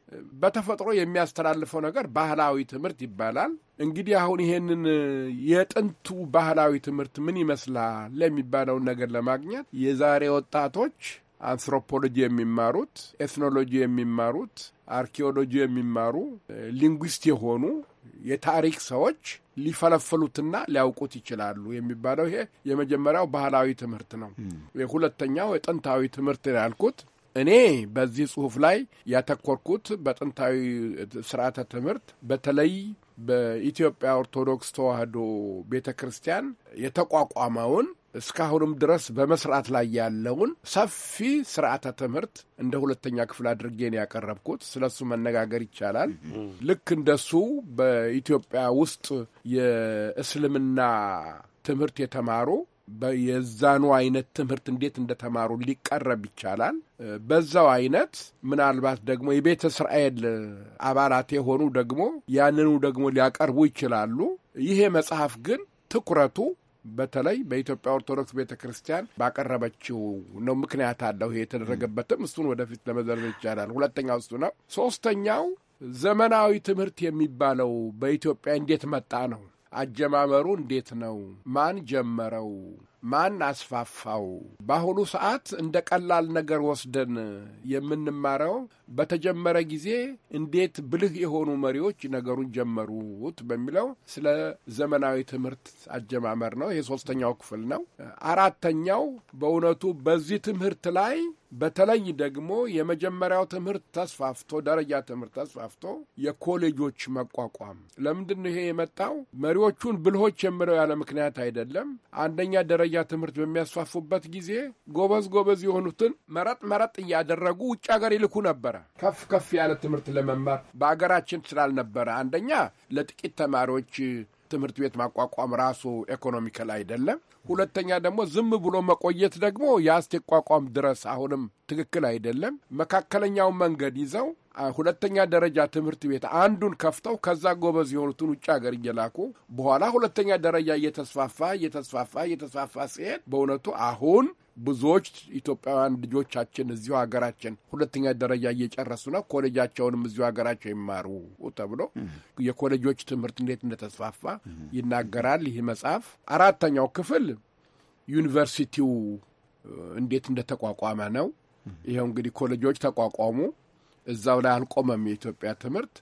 በተፈጥሮ የሚያስተላልፈው ነገር ባህላዊ ትምህርት ይባላል። እንግዲህ አሁን ይሄንን የጥንቱ ባህላዊ ትምህርት ምን ይመስላል ለሚባለውን ነገር ለማግኘት የዛሬ ወጣቶች አንትሮፖሎጂ የሚማሩት፣ ኤትኖሎጂ የሚማሩት፣ አርኪኦሎጂ የሚማሩ ሊንጉስት የሆኑ የታሪክ ሰዎች ሊፈለፍሉትና ሊያውቁት ይችላሉ የሚባለው ይሄ የመጀመሪያው ባህላዊ ትምህርት ነው። ሁለተኛው የጥንታዊ ትምህርት ያልኩት እኔ በዚህ ጽሁፍ ላይ ያተኮርኩት በጥንታዊ ስርዓተ ትምህርት በተለይ በኢትዮጵያ ኦርቶዶክስ ተዋህዶ ቤተ ክርስቲያን የተቋቋመውን እስካሁንም ድረስ በመስራት ላይ ያለውን ሰፊ ስርዓተ ትምህርት እንደ ሁለተኛ ክፍል አድርጌን ያቀረብኩት ስለሱ መነጋገር ይቻላል። ልክ እንደሱ በኢትዮጵያ ውስጥ የእስልምና ትምህርት የተማሩ የዛኑ አይነት ትምህርት እንዴት እንደተማሩ ሊቀረብ ይቻላል። በዛው አይነት ምናልባት ደግሞ የቤተ እስራኤል አባላት የሆኑ ደግሞ ያንኑ ደግሞ ሊያቀርቡ ይችላሉ። ይሄ መጽሐፍ ግን ትኩረቱ በተለይ በኢትዮጵያ ኦርቶዶክስ ቤተ ክርስቲያን ባቀረበችው ነው። ምክንያት አለው ይሄ የተደረገበትም፣ እሱን ወደፊት ለመዘርዘር ይቻላል። ሁለተኛው እሱ ነው። ሶስተኛው ዘመናዊ ትምህርት የሚባለው በኢትዮጵያ እንዴት መጣ ነው። አጀማመሩ እንዴት ነው? ማን ጀመረው? ማን አስፋፋው? በአሁኑ ሰዓት እንደ ቀላል ነገር ወስደን የምንማረው በተጀመረ ጊዜ እንዴት ብልህ የሆኑ መሪዎች ነገሩን ጀመሩት በሚለው ስለ ዘመናዊ ትምህርት አጀማመር ነው። ይሄ ሶስተኛው ክፍል ነው። አራተኛው በእውነቱ በዚህ ትምህርት ላይ በተለይ ደግሞ የመጀመሪያው ትምህርት ተስፋፍቶ ደረጃ ትምህርት ተስፋፍቶ የኮሌጆች መቋቋም። ለምንድን ነው ይሄ የመጣው? መሪዎቹን ብልሆች የምለው ያለ ምክንያት አይደለም። አንደኛ ደረጃ ትምህርት በሚያስፋፉበት ጊዜ ጎበዝ ጎበዝ የሆኑትን መረጥ መረጥ እያደረጉ ውጭ ሀገር ይልኩ ነበረ። ከፍ ከፍ ያለ ትምህርት ለመማር በአገራችን ስላልነበረ አንደኛ ለጥቂት ተማሪዎች ትምህርት ቤት ማቋቋም ራሱ ኢኮኖሚካል አይደለም። ሁለተኛ ደግሞ ዝም ብሎ መቆየት ደግሞ የአስቴቋቋም ድረስ አሁንም ትክክል አይደለም። መካከለኛውን መንገድ ይዘው ሁለተኛ ደረጃ ትምህርት ቤት አንዱን ከፍተው ከዛ ጎበዝ የሆኑትን ውጭ ሀገር እየላኩ በኋላ ሁለተኛ ደረጃ እየተስፋፋ እየተስፋፋ እየተስፋፋ ሲሄድ በእውነቱ አሁን ብዙዎች ኢትዮጵያውያን ልጆቻችን እዚሁ ሀገራችን ሁለተኛ ደረጃ እየጨረሱ ነው፣ ኮሌጃቸውንም እዚሁ ሀገራቸው ይማሩ ተብሎ የኮሌጆች ትምህርት እንዴት እንደተስፋፋ ይናገራል ይህ መጽሐፍ። አራተኛው ክፍል ዩኒቨርሲቲው እንዴት እንደተቋቋመ ነው። ይኸው እንግዲህ ኮሌጆች ተቋቋሙ፣ እዛው ላይ አልቆመም የኢትዮጵያ ትምህርት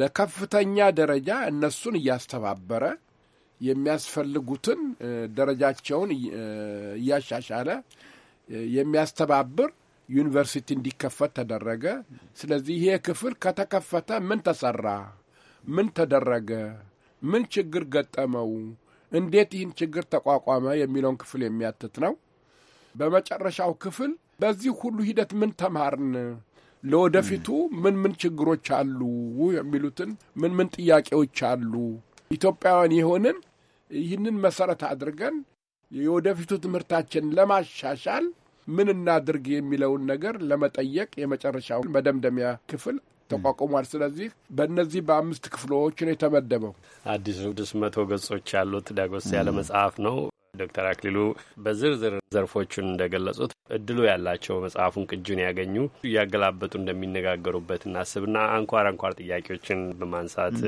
ለከፍተኛ ደረጃ እነሱን እያስተባበረ የሚያስፈልጉትን ደረጃቸውን እያሻሻለ የሚያስተባብር ዩኒቨርሲቲ እንዲከፈት ተደረገ። ስለዚህ ይሄ ክፍል ከተከፈተ ምን ተሰራ? ምን ተደረገ? ምን ችግር ገጠመው? እንዴት ይህን ችግር ተቋቋመ? የሚለውን ክፍል የሚያትት ነው። በመጨረሻው ክፍል በዚህ ሁሉ ሂደት ምን ተማርን፣ ለወደፊቱ ምን ምን ችግሮች አሉ የሚሉትን ምን ምን ጥያቄዎች አሉ ኢትዮጵያውያን የሆንን ይህንን መሰረት አድርገን የወደፊቱ ትምህርታችን ለማሻሻል ምን እናድርግ የሚለውን ነገር ለመጠየቅ የመጨረሻውን መደምደሚያ ክፍል ተቋቁሟል። ስለዚህ በእነዚህ በአምስት ክፍሎች ነው የተመደበው። አዲሱ ስድስት መቶ ገጾች ያሉት ዳጎስ ያለ መጽሐፍ ነው። ዶክተር አክሊሉ በዝርዝር ዘርፎቹን እንደገለጹት እድሉ ያላቸው መጽሐፉን ቅጁን ያገኙ እያገላበጡ እንደሚነጋገሩበት እናስብና አንኳር አንኳር ጥያቄዎችን በማንሳት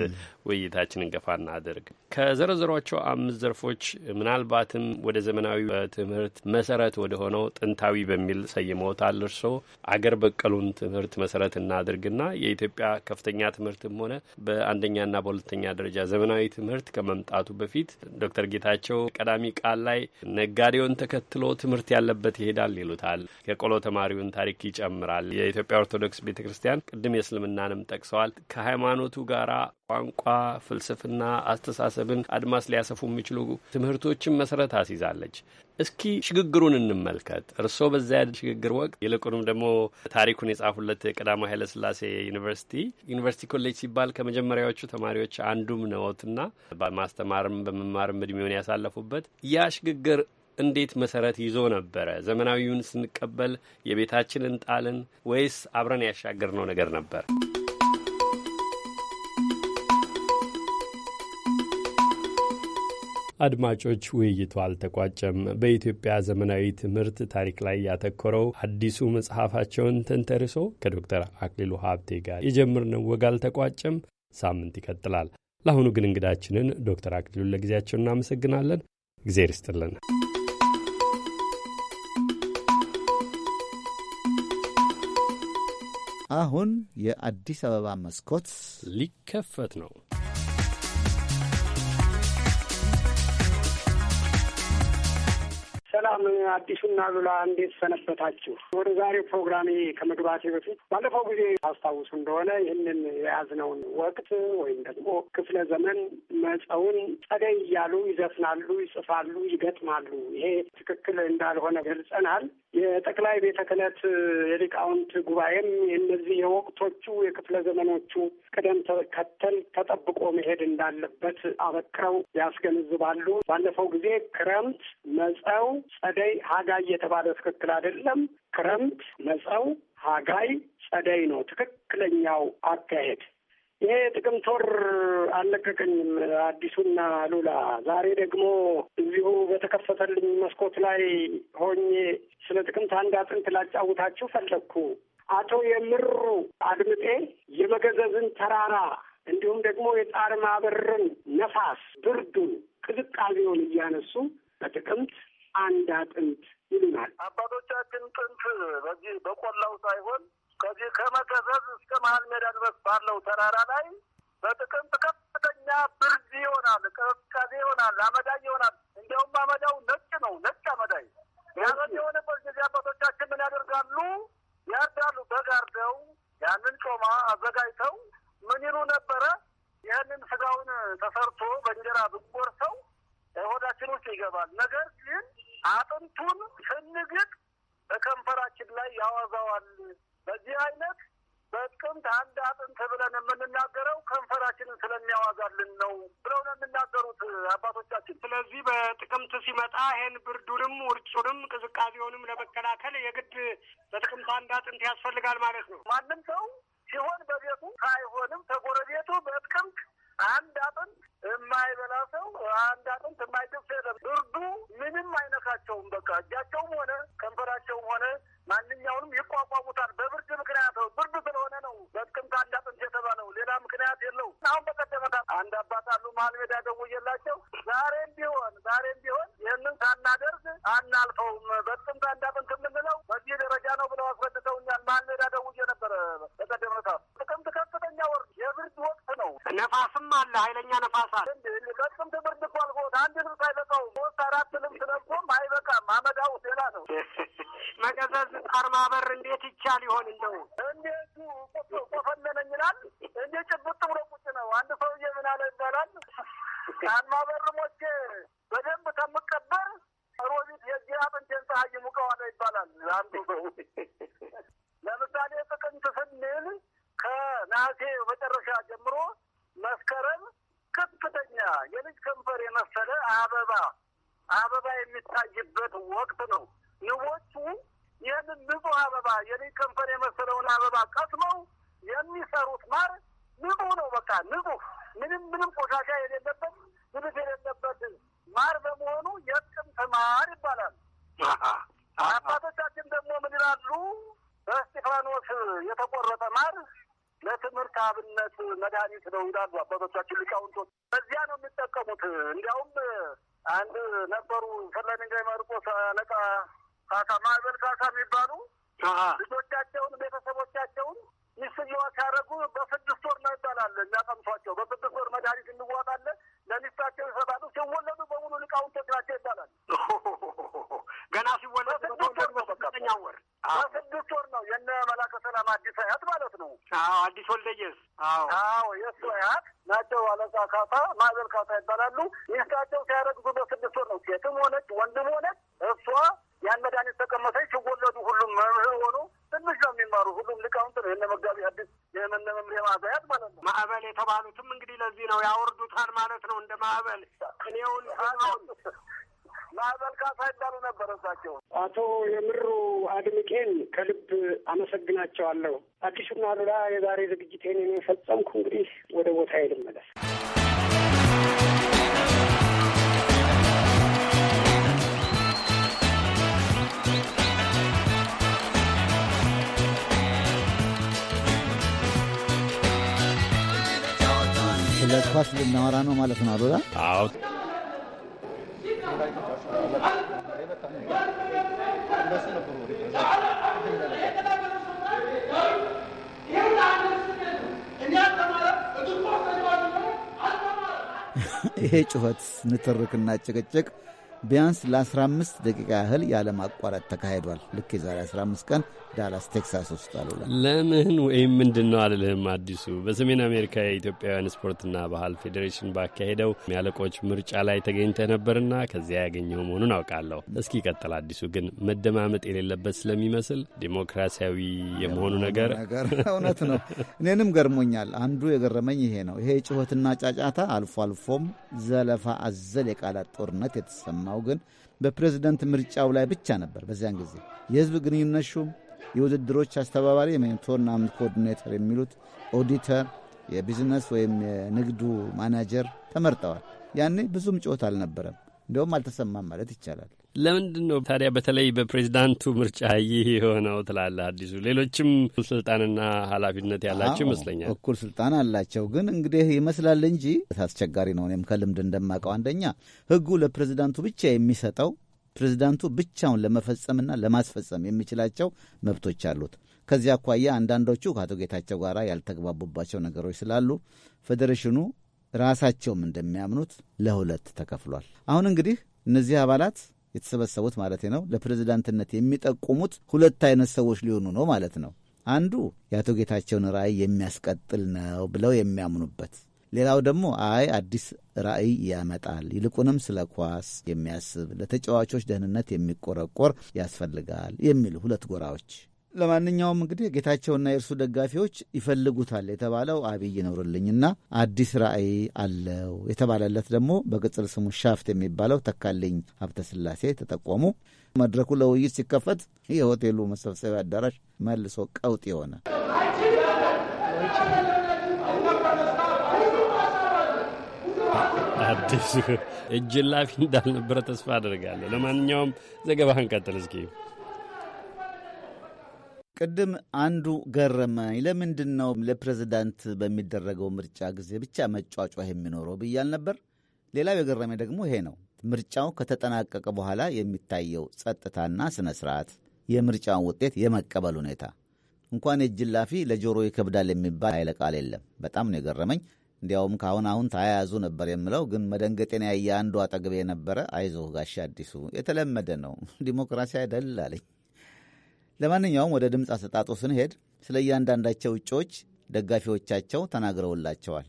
ውይይታችን እንገፋ እናደርግ። ከዘረዘሯቸው አምስት ዘርፎች ምናልባትም ወደ ዘመናዊ ትምህርት መሰረት ወደ ሆነው ጥንታዊ በሚል ሰይመውታል። እርሶ አገር በቀሉን ትምህርት መሰረት እናድርግና የኢትዮጵያ ከፍተኛ ትምህርትም ሆነ በአንደኛና በሁለተኛ ደረጃ ዘመናዊ ትምህርት ከመምጣቱ በፊት ዶክተር ጌታቸው ቀዳሚ ቃል ላይ ነጋዴውን ተከትሎ ትምህርት ያለበት ይሄዳል ይሉታል። የቆሎ ተማሪውን ታሪክ ይጨምራል። የኢትዮጵያ ኦርቶዶክስ ቤተ ክርስቲያን ቅድም የእስልምናንም ጠቅሰዋል። ከሃይማኖቱ ጋር ቋንቋ፣ ፍልስፍና፣ አስተሳሰብን አድማስ ሊያሰፉ የሚችሉ ትምህርቶችን መሰረት አስይዛለች። እስኪ ሽግግሩን እንመልከት። እርስዎ በዛ ሽግግር ወቅት ይልቁንም ደግሞ ታሪኩን የጻፉለት ቀዳማዊ ኃይለስላሴ ዩኒቨርሲቲ ዩኒቨርሲቲ ኮሌጅ ሲባል ከመጀመሪያዎቹ ተማሪዎች አንዱም ነዎትና በማስተማርም በመማርም እድሜውን ያሳለፉበት ያ ሽግግር እንዴት መሰረት ይዞ ነበረ? ዘመናዊውን ስንቀበል የቤታችንን ጣልን ወይስ አብረን ያሻገርነው ነገር ነበር? አድማጮች፣ ውይይቱ አልተቋጨም። በኢትዮጵያ ዘመናዊ ትምህርት ታሪክ ላይ ያተኮረው አዲሱ መጽሐፋቸውን ተንተርሶ ከዶክተር አክሊሉ ሀብቴ ጋር የጀመርነው ወግ አልተቋጨም። ሳምንት ይቀጥላል። ለአሁኑ ግን እንግዳችንን ዶክተር አክሊሉን ለጊዜያቸው እናመሰግናለን። እግዜር ይስጥልን። አሁን የአዲስ አበባ መስኮት ሊከፈት ነው። ሰላም አዲሱና ሉላ እንዴት ሰነበታችሁ? ወደ ዛሬው ፕሮግራሜ ከመግባቴ በፊት ባለፈው ጊዜ አስታውሱ እንደሆነ ይህንን የያዝነውን ወቅት ወይም ደግሞ ክፍለ ዘመን መጸውን ጸደይ እያሉ ይዘፍናሉ፣ ይጽፋሉ፣ ይገጥማሉ። ይሄ ትክክል እንዳልሆነ ገልጸናል። የጠቅላይ ቤተ ክህነት የሊቃውንት ጉባኤም የእነዚህ የወቅቶቹ የክፍለ ዘመኖቹ ቅደም ተከተል ተጠብቆ መሄድ እንዳለበት አበክረው ያስገነዝባሉ። ባለፈው ጊዜ ክረምት፣ መጸው፣ ጸደይ፣ ሀጋይ የተባለው ትክክል አይደለም። ክረምት፣ መጸው፣ ሀጋይ፣ ጸደይ ነው ትክክለኛው አካሄድ። ይሄ ጥቅምት ወር አልለቀቀኝም። አዲሱና ሉላ ዛሬ ደግሞ እዚሁ በተከፈተልኝ መስኮት ላይ ሆኜ ስለ ጥቅምት አንድ አጥንት ላጫውታችሁ ፈለግኩ። አቶ የምሩ አድምጤ የመገዘዝን ተራራ እንዲሁም ደግሞ የጣር ማበርን ነፋስ፣ ብርዱን፣ ቅዝቃዜውን እያነሱ በጥቅምት አንድ አጥንት ይሉናል አባቶቻችን። ጥንት በዚህ በቆላው ሳይሆን ከዚህ ከመከሰስ እስከ መሀል ሜዳ ድረስ ባለው ተራራ ላይ በጥቅምት ከፍተኛ ብርድ ይሆናል፣ ቅዝቃዜ ይሆናል፣ አመዳይ ይሆናል። እንዲያውም አመዳው ነጭ ነው፣ ነጭ አመዳይ። ያንን የሆነበት ጊዜ አባቶቻችን ምን ያደርጋሉ? ያርዳሉ። በግ አርደው ያንን ጮማ አዘጋጅተው ምን ይሉ ነበረ? ይህንን ስጋውን ተሰርቶ በእንጀራ ብንጎርሰው ሆዳችን ውስጥ ይገባል። ነገር ግን አጥንቱን ስንግጥ በከንፈራችን ላይ ያዋዛዋል። በዚህ አይነት በጥቅምት አንድ አጥንት ብለን የምንናገረው ከንፈራችንን ስለሚያዋዛልን ነው ብለው ነው የሚናገሩት አባቶቻችን። ስለዚህ በጥቅምት ሲመጣ ይሄን ብርዱንም ውርጩንም ቅዝቃዜውንም ለመከላከል የግድ በጥቅምት አንድ አጥንት ያስፈልጋል ማለት ነው። ማንም ሰው ሲሆን በቤቱ ሳይሆንም ተጎረቤቱ በጥቅምት አንድ አጥንት የማይበላ ሰው አንድ አጥንት የማይደርስ የለም። ብርዱ ምንም አይነካቸውም። በቃ እጃቸውም ሆነ ከንፈራቸውም ሆነ ማንኛውንም ይቋቋሙታል። በብርድ ምክንያት ብርድ ስለሆነ ነው። በጥቅም አንድ አጥንት የተባለው ሌላ ምክንያት የለው አሁን በቀደመታ አንድ አባት አሉ መሀል ሜዳ ደውዬላቸው ዛሬም ቢሆን ዛሬም ቢሆን ይህንን ካናደርግ አናልፈውም፣ በጥቅም አንድ አጥንት የምንለው በዚህ ደረጃ ነው ብለው አስረድተውኛል። መሀል ሜዳ ደውዬ ነበረ በቀደመታ ጥቅምት ከፍተኛ ወር የብርድ ወቅት ነው። ነፋስም አለ፣ ኃይለኛ ነፋስ አለ። በጥቅምት ብርድ እኮ አንድ ልብስ አይበቃውም። ሶስት አራት ልብስ ነቦም አይበቃም። አመዳው ሌላ ነው መቀዘዝ አርማ ማበር እንዴት ይቻል ይሆን? እንደው እንዴቱ ቆፈለለኝ ይላል እንዴ ጭብጥ ብሎ ቁጭ ነው። አንድ ሰውዬ ምን አለ ይባላል አርማ ማበር ሞቼ በደንብ ከምቀበር ሮቢት የዚህ አጥንቴን ፀሐይ ሙቀዋለ ይባላል አንዱ ሰው ስለ ኳስ ልናወራ ነው ማለት ነው አሉላ? አዎ። *laughs* ይሄ ጩኸት ንትርክና ጭቅጭቅ ቢያንስ ለ15 ደቂቃ ያህል ያለማቋረጥ ተካሂዷል። ልክ የዛሬ 15 ቀን ዳላስ ቴክሳስ ውስጥ አሉላ። ለምን ወይም ምንድን ነው አልልህም። አዲሱ በሰሜን አሜሪካ የኢትዮጵያውያን ስፖርትና ባህል ፌዴሬሽን ባካሄደው ያለቆች ምርጫ ላይ ተገኝተ ነበርና ከዚያ ያገኘው መሆኑን አውቃለሁ። እስኪ ቀጥል። አዲሱ ግን መደማመጥ የሌለበት ስለሚመስል ዲሞክራሲያዊ የመሆኑ ነገር ነገር እውነት ነው። እኔንም ገርሞኛል። አንዱ የገረመኝ ይሄ ነው። ይሄ ጩኸትና ጫጫታ አልፎ አልፎም ዘለፋ አዘል የቃላት ጦርነት የተሰማው ግን በፕሬዝደንት ምርጫው ላይ ብቻ ነበር። በዚያን ጊዜ የህዝብ ግንኙነት ሹም የውድድሮች አስተባባሪ ቶርናመንት ኮኦርዲኔተር የሚሉት ኦዲተር፣ የቢዝነስ ወይም የንግዱ ማናጀር ተመርጠዋል። ያኔ ብዙም ጩኸት አልነበረም። እንዲሁም አልተሰማም ማለት ይቻላል። ለምንድን ነው ታዲያ በተለይ በፕሬዚዳንቱ ምርጫ ይህ የሆነው ትላለ አዲሱ? ሌሎችም ስልጣንና ኃላፊነት ያላቸው ይመስለኛል። እኩል ስልጣን አላቸው፣ ግን እንግዲህ ይመስላል እንጂ አስቸጋሪ ነው። እኔም ከልምድ እንደማውቀው አንደኛ ህጉ ለፕሬዚዳንቱ ብቻ የሚሰጠው ፕሬዚዳንቱ ብቻውን ለመፈጸምና ለማስፈጸም የሚችላቸው መብቶች አሉት። ከዚህ አኳያ አንዳንዶቹ ከአቶ ጌታቸው ጋር ያልተግባቡባቸው ነገሮች ስላሉ ፌዴሬሽኑ ራሳቸውም እንደሚያምኑት ለሁለት ተከፍሏል። አሁን እንግዲህ እነዚህ አባላት የተሰበሰቡት ማለት ነው ለፕሬዚዳንትነት የሚጠቁሙት ሁለት አይነት ሰዎች ሊሆኑ ነው ማለት ነው። አንዱ የአቶ ጌታቸውን ራዕይ የሚያስቀጥል ነው ብለው የሚያምኑበት፣ ሌላው ደግሞ አይ አዲስ ራዕይ ያመጣል። ይልቁንም ስለ ኳስ የሚያስብ ለተጫዋቾች ደህንነት የሚቆረቆር ያስፈልጋል የሚሉ ሁለት ጎራዎች። ለማንኛውም እንግዲህ ጌታቸውና የእርሱ ደጋፊዎች ይፈልጉታል የተባለው አብይ ይኖርልኝና አዲስ ራዕይ አለው የተባለለት ደግሞ በቅጽል ስሙ ሻፍት የሚባለው ተካልኝ ሀብተስላሴ ተጠቆሙ። መድረኩ ለውይይት ሲከፈት የሆቴሉ መሰብሰቢያ አዳራሽ መልሶ ቀውጥ የሆነ አትብሱ። እጅ ላፊ እንዳልነበረ ተስፋ አደርጋለሁ። ለማንኛውም ዘገባህን ቀጥል እስኪ። ቅድም አንዱ ገረመኝ። ለምንድን ነው ለፕሬዚዳንት በሚደረገው ምርጫ ጊዜ ብቻ መጫጫህ የሚኖረው ብያል ነበር። ሌላው የገረመኝ ደግሞ ይሄ ነው። ምርጫው ከተጠናቀቀ በኋላ የሚታየው ጸጥታና ስነ ስርዓት፣ የምርጫውን ውጤት የመቀበል ሁኔታ እንኳን እጅላፊ ለጆሮ ይከብዳል የሚባል አይለቃል ቃል የለም። በጣም ነው የገረመኝ። እንዲያውም ከአሁን አሁን ተያያዙ ነበር የምለው ግን መደንገጤን ያየ አንዱ አጠገቤ የነበረ አይዞህ ጋሻ አዲሱ የተለመደ ነው ዲሞክራሲ አይደል አለኝ። ለማንኛውም ወደ ድምፅ አሰጣጡ ስንሄድ ስለ እያንዳንዳቸው እጩዎች ደጋፊዎቻቸው ተናግረውላቸዋል።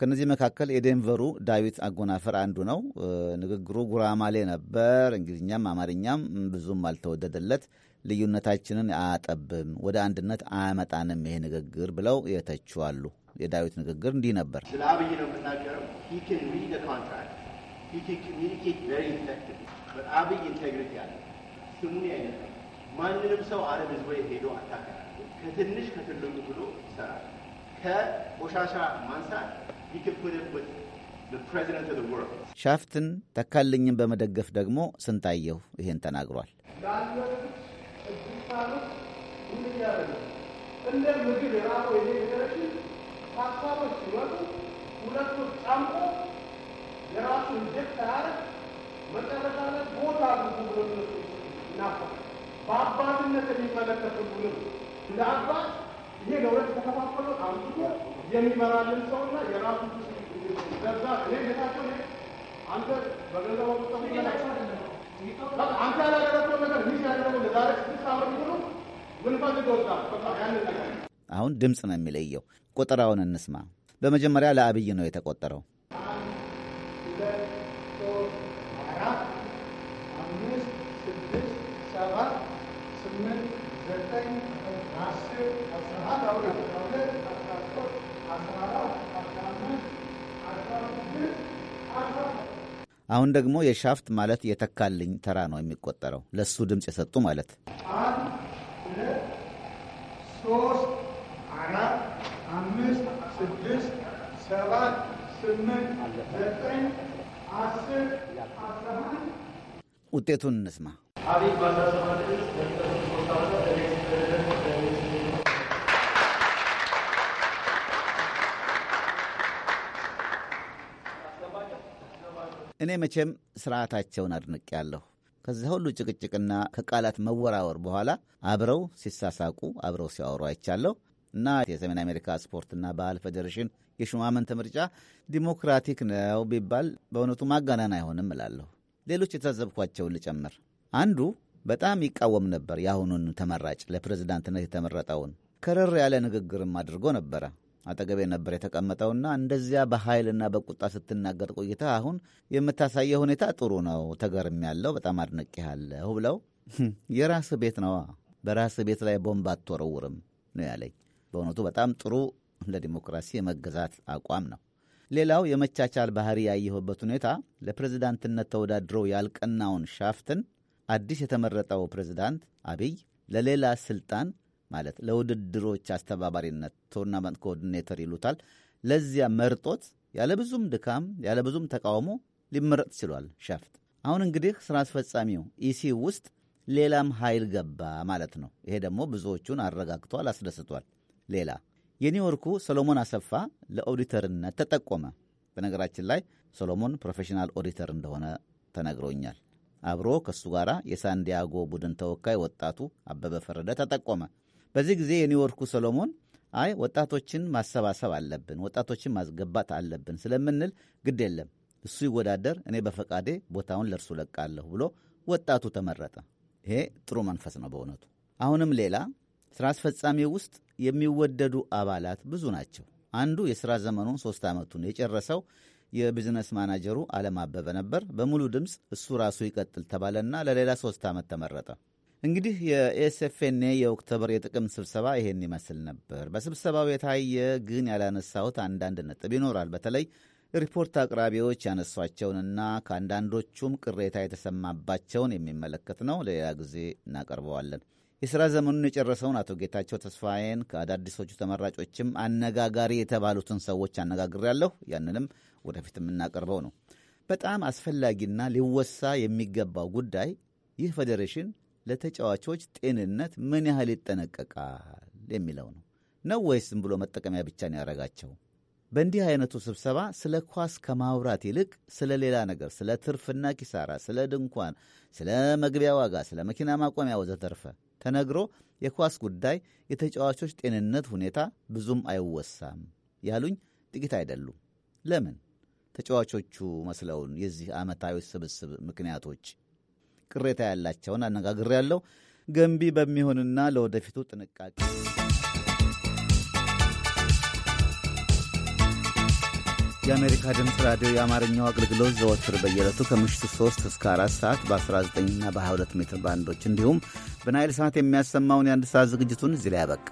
ከነዚህ መካከል የዴንቨሩ ዳዊት አጎናፈር አንዱ ነው። ንግግሩ ጉራማሌ ነበር። እንግሊዝኛም አማርኛም ብዙም አልተወደደለት። ልዩነታችንን አያጠብም፣ ወደ አንድነት አያመጣንም ይሄ ንግግር ብለው የተቹ አሉ። የዳዊት ንግግር እንዲህ ነበር። ስለ አብይ ነው የምናገረው። አብይ ኢንቴግሪቲ አለ። ስሙን ማንንም ሰው አረብ ህዝቦ ሄዶ አታከራ ከትንሽ ከትልቁ ብሎ ይሰራል። ከቆሻሻ ማንሳት ይክፍልበት ሻፍትን ተካልኝን በመደገፍ ደግሞ ስንታየሁ ይሄን ተናግሯል። እንደ ምግብ የራቀው ይሄ ሀሳቦች ሲመጡ ሁለቱ ጫምቆ የራሱ ጀት ሳያደርግ መጨረሻ ላይ ቦታ ብዙ ብሎ ነሱ ይናፋል። በአባትነት የሚመለከቱ ብሎ እንደ አባት ይሄ ለሁለት ተከፋፈሉን አንስቶ የሚመራልን ሰውና የራሱ ዛ እኔ ጌታቸው አንተ በገንዘብ ወጣ አንተ ያላደረገው ነገር ሚስ ያደረገው ለዛሬ ስድስት ዓመት ሆኖ ምን ፈልገው ዛ በቃ ያንን ነገር አሁን ድምፅ ነው የሚለየው። ቁጥራውን እንስማ። በመጀመሪያ ለአብይ ነው የተቆጠረው። አሁን ደግሞ የሻፍት ማለት የተካልኝ ተራ ነው የሚቆጠረው። ለእሱ ድምፅ የሰጡ ማለት አምስት፣ ስድስት፣ ሰባት፣ ስምንት፣ ዘጠኝ፣ አስር፣ አስራ አንድ ውጤቱን እንስማ። እኔ መቼም ስርዓታቸውን አድንቅ ያለሁ ከዚያ ሁሉ ጭቅጭቅና ከቃላት መወራወር በኋላ አብረው ሲሳሳቁ አብረው ሲያወሩ አይቻለሁ። እና የሰሜን አሜሪካ ስፖርትና ባህል ፌዴሬሽን የሹማምንት ምርጫ ዲሞክራቲክ ነው ቢባል በእውነቱ ማጋነን አይሆንም እላለሁ። ሌሎች የታዘብኳቸውን ልጨምር። አንዱ በጣም ይቃወም ነበር የአሁኑን ተመራጭ ለፕሬዝዳንትነት የተመረጠውን። ከረር ያለ ንግግርም አድርጎ ነበረ። አጠገቤ ነበር የተቀመጠውና እንደዚያ በኃይልና በቁጣ ስትናገር ቆይታ አሁን የምታሳየው ሁኔታ ጥሩ ነው፣ ያለው በጣም አድንቄሃለሁ ብለው የራስህ ቤት ነዋ፣ በራስህ ቤት ላይ ቦምብ አትወረውርም ነው ያለኝ። በእውነቱ በጣም ጥሩ ለዲሞክራሲ የመገዛት አቋም ነው። ሌላው የመቻቻል ባህሪ ያየሁበት ሁኔታ ለፕሬዝዳንትነት ተወዳድረው ያልቀናውን ሻፍትን አዲስ የተመረጠው ፕሬዝዳንት አብይ ለሌላ ስልጣን ማለት ለውድድሮች አስተባባሪነት ቶርናመንት ኮኦርዲኔተር ይሉታል፣ ለዚያ መርጦት ያለ ብዙም ድካም ያለ ብዙም ተቃውሞ ሊመረጥ ችሏል። ሻፍት አሁን እንግዲህ ስራ አስፈጻሚው ኢሲ ውስጥ ሌላም ኃይል ገባ ማለት ነው። ይሄ ደግሞ ብዙዎቹን አረጋግቷል፣ አስደስቷል። ሌላ የኒውዮርኩ ሰሎሞን አሰፋ ለኦዲተርነት ተጠቆመ። በነገራችን ላይ ሰሎሞን ፕሮፌሽናል ኦዲተር እንደሆነ ተነግሮኛል። አብሮ ከእሱ ጋር የሳንዲያጎ ቡድን ተወካይ ወጣቱ አበበ ፈረደ ተጠቆመ። በዚህ ጊዜ የኒውዮርኩ ሰሎሞን አይ ወጣቶችን ማሰባሰብ አለብን፣ ወጣቶችን ማስገባት አለብን ስለምንል ግድ የለም እሱ ይወዳደር፣ እኔ በፈቃዴ ቦታውን ለእርሱ ለቃለሁ ብሎ ወጣቱ ተመረጠ። ይሄ ጥሩ መንፈስ ነው በእውነቱ። አሁንም ሌላ ሥራ አስፈጻሚ ውስጥ የሚወደዱ አባላት ብዙ ናቸው። አንዱ የሥራ ዘመኑን ሦስት ዓመቱን የጨረሰው የቢዝነስ ማናጀሩ አለም አበበ ነበር። በሙሉ ድምፅ እሱ ራሱ ይቀጥል ተባለና ለሌላ ሦስት ዓመት ተመረጠ። እንግዲህ የኤስኤፍኤንኤ የኦክቶበር የጥቅም ስብሰባ ይሄን ይመስል ነበር። በስብሰባው የታየ ግን ያላነሳሁት አንዳንድ ነጥብ ይኖራል። በተለይ ሪፖርት አቅራቢዎች ያነሷቸውንና ከአንዳንዶቹም ቅሬታ የተሰማባቸውን የሚመለከት ነው። ለሌላ ጊዜ እናቀርበዋለን። የሥራ ዘመኑን የጨረሰውን አቶ ጌታቸው ተስፋዬን ከአዳዲሶቹ ተመራጮችም አነጋጋሪ የተባሉትን ሰዎች አነጋግሬያለሁ። ያንንም ወደፊት የምናቀርበው ነው። በጣም አስፈላጊና ሊወሳ የሚገባው ጉዳይ ይህ ፌዴሬሽን ለተጫዋቾች ጤንነት ምን ያህል ይጠነቀቃል የሚለው ነው። ነው ወይስ ዝም ብሎ መጠቀሚያ ብቻ ነው ያደረጋቸው? በእንዲህ አይነቱ ስብሰባ ስለ ኳስ ከማውራት ይልቅ ስለ ሌላ ነገር፣ ስለ ትርፍና ኪሳራ፣ ስለ ድንኳን፣ ስለ መግቢያ ዋጋ፣ ስለ መኪና ማቆሚያ ወዘተርፈ ተነግሮ የኳስ ጉዳይ፣ የተጫዋቾች ጤንነት ሁኔታ ብዙም አይወሳም ያሉኝ ጥቂት አይደሉም። ለምን? ተጫዋቾቹ መስለውን የዚህ ዓመታዊ ስብስብ ምክንያቶች ቅሬታ ያላቸውን ያለው ገንቢ በሚሆንና ለወደፊቱ ጥንቃቄ የአሜሪካ ድምፅ ራዲዮ የአማርኛው አገልግሎት ዘወትር በየዕለቱ ከምሽቱ 3 እስከ 4 ሰዓት በ19ና በ22 ሜትር ባንዶች እንዲሁም በናይል ሰዓት የሚያሰማውን የአንድ ሰዓት ዝግጅቱን እዚህ ላይ ያበቃ።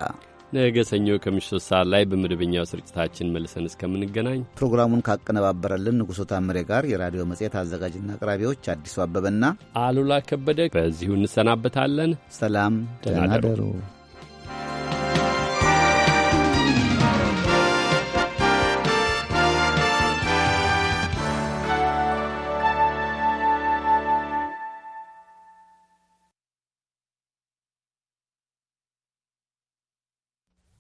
ነገ ሰኞ ከምሽቱ ሰዓት ላይ በመደበኛው ስርጭታችን መልሰን እስከምንገናኝ ፕሮግራሙን ካቀነባበረልን ንጉሶ ታምሬ ጋር የራዲዮ መጽሔት አዘጋጅና አቅራቢዎች አዲሱ አበበና አሉላ ከበደ በዚሁ እንሰናበታለን። ሰላም፣ ደህና ደሩ።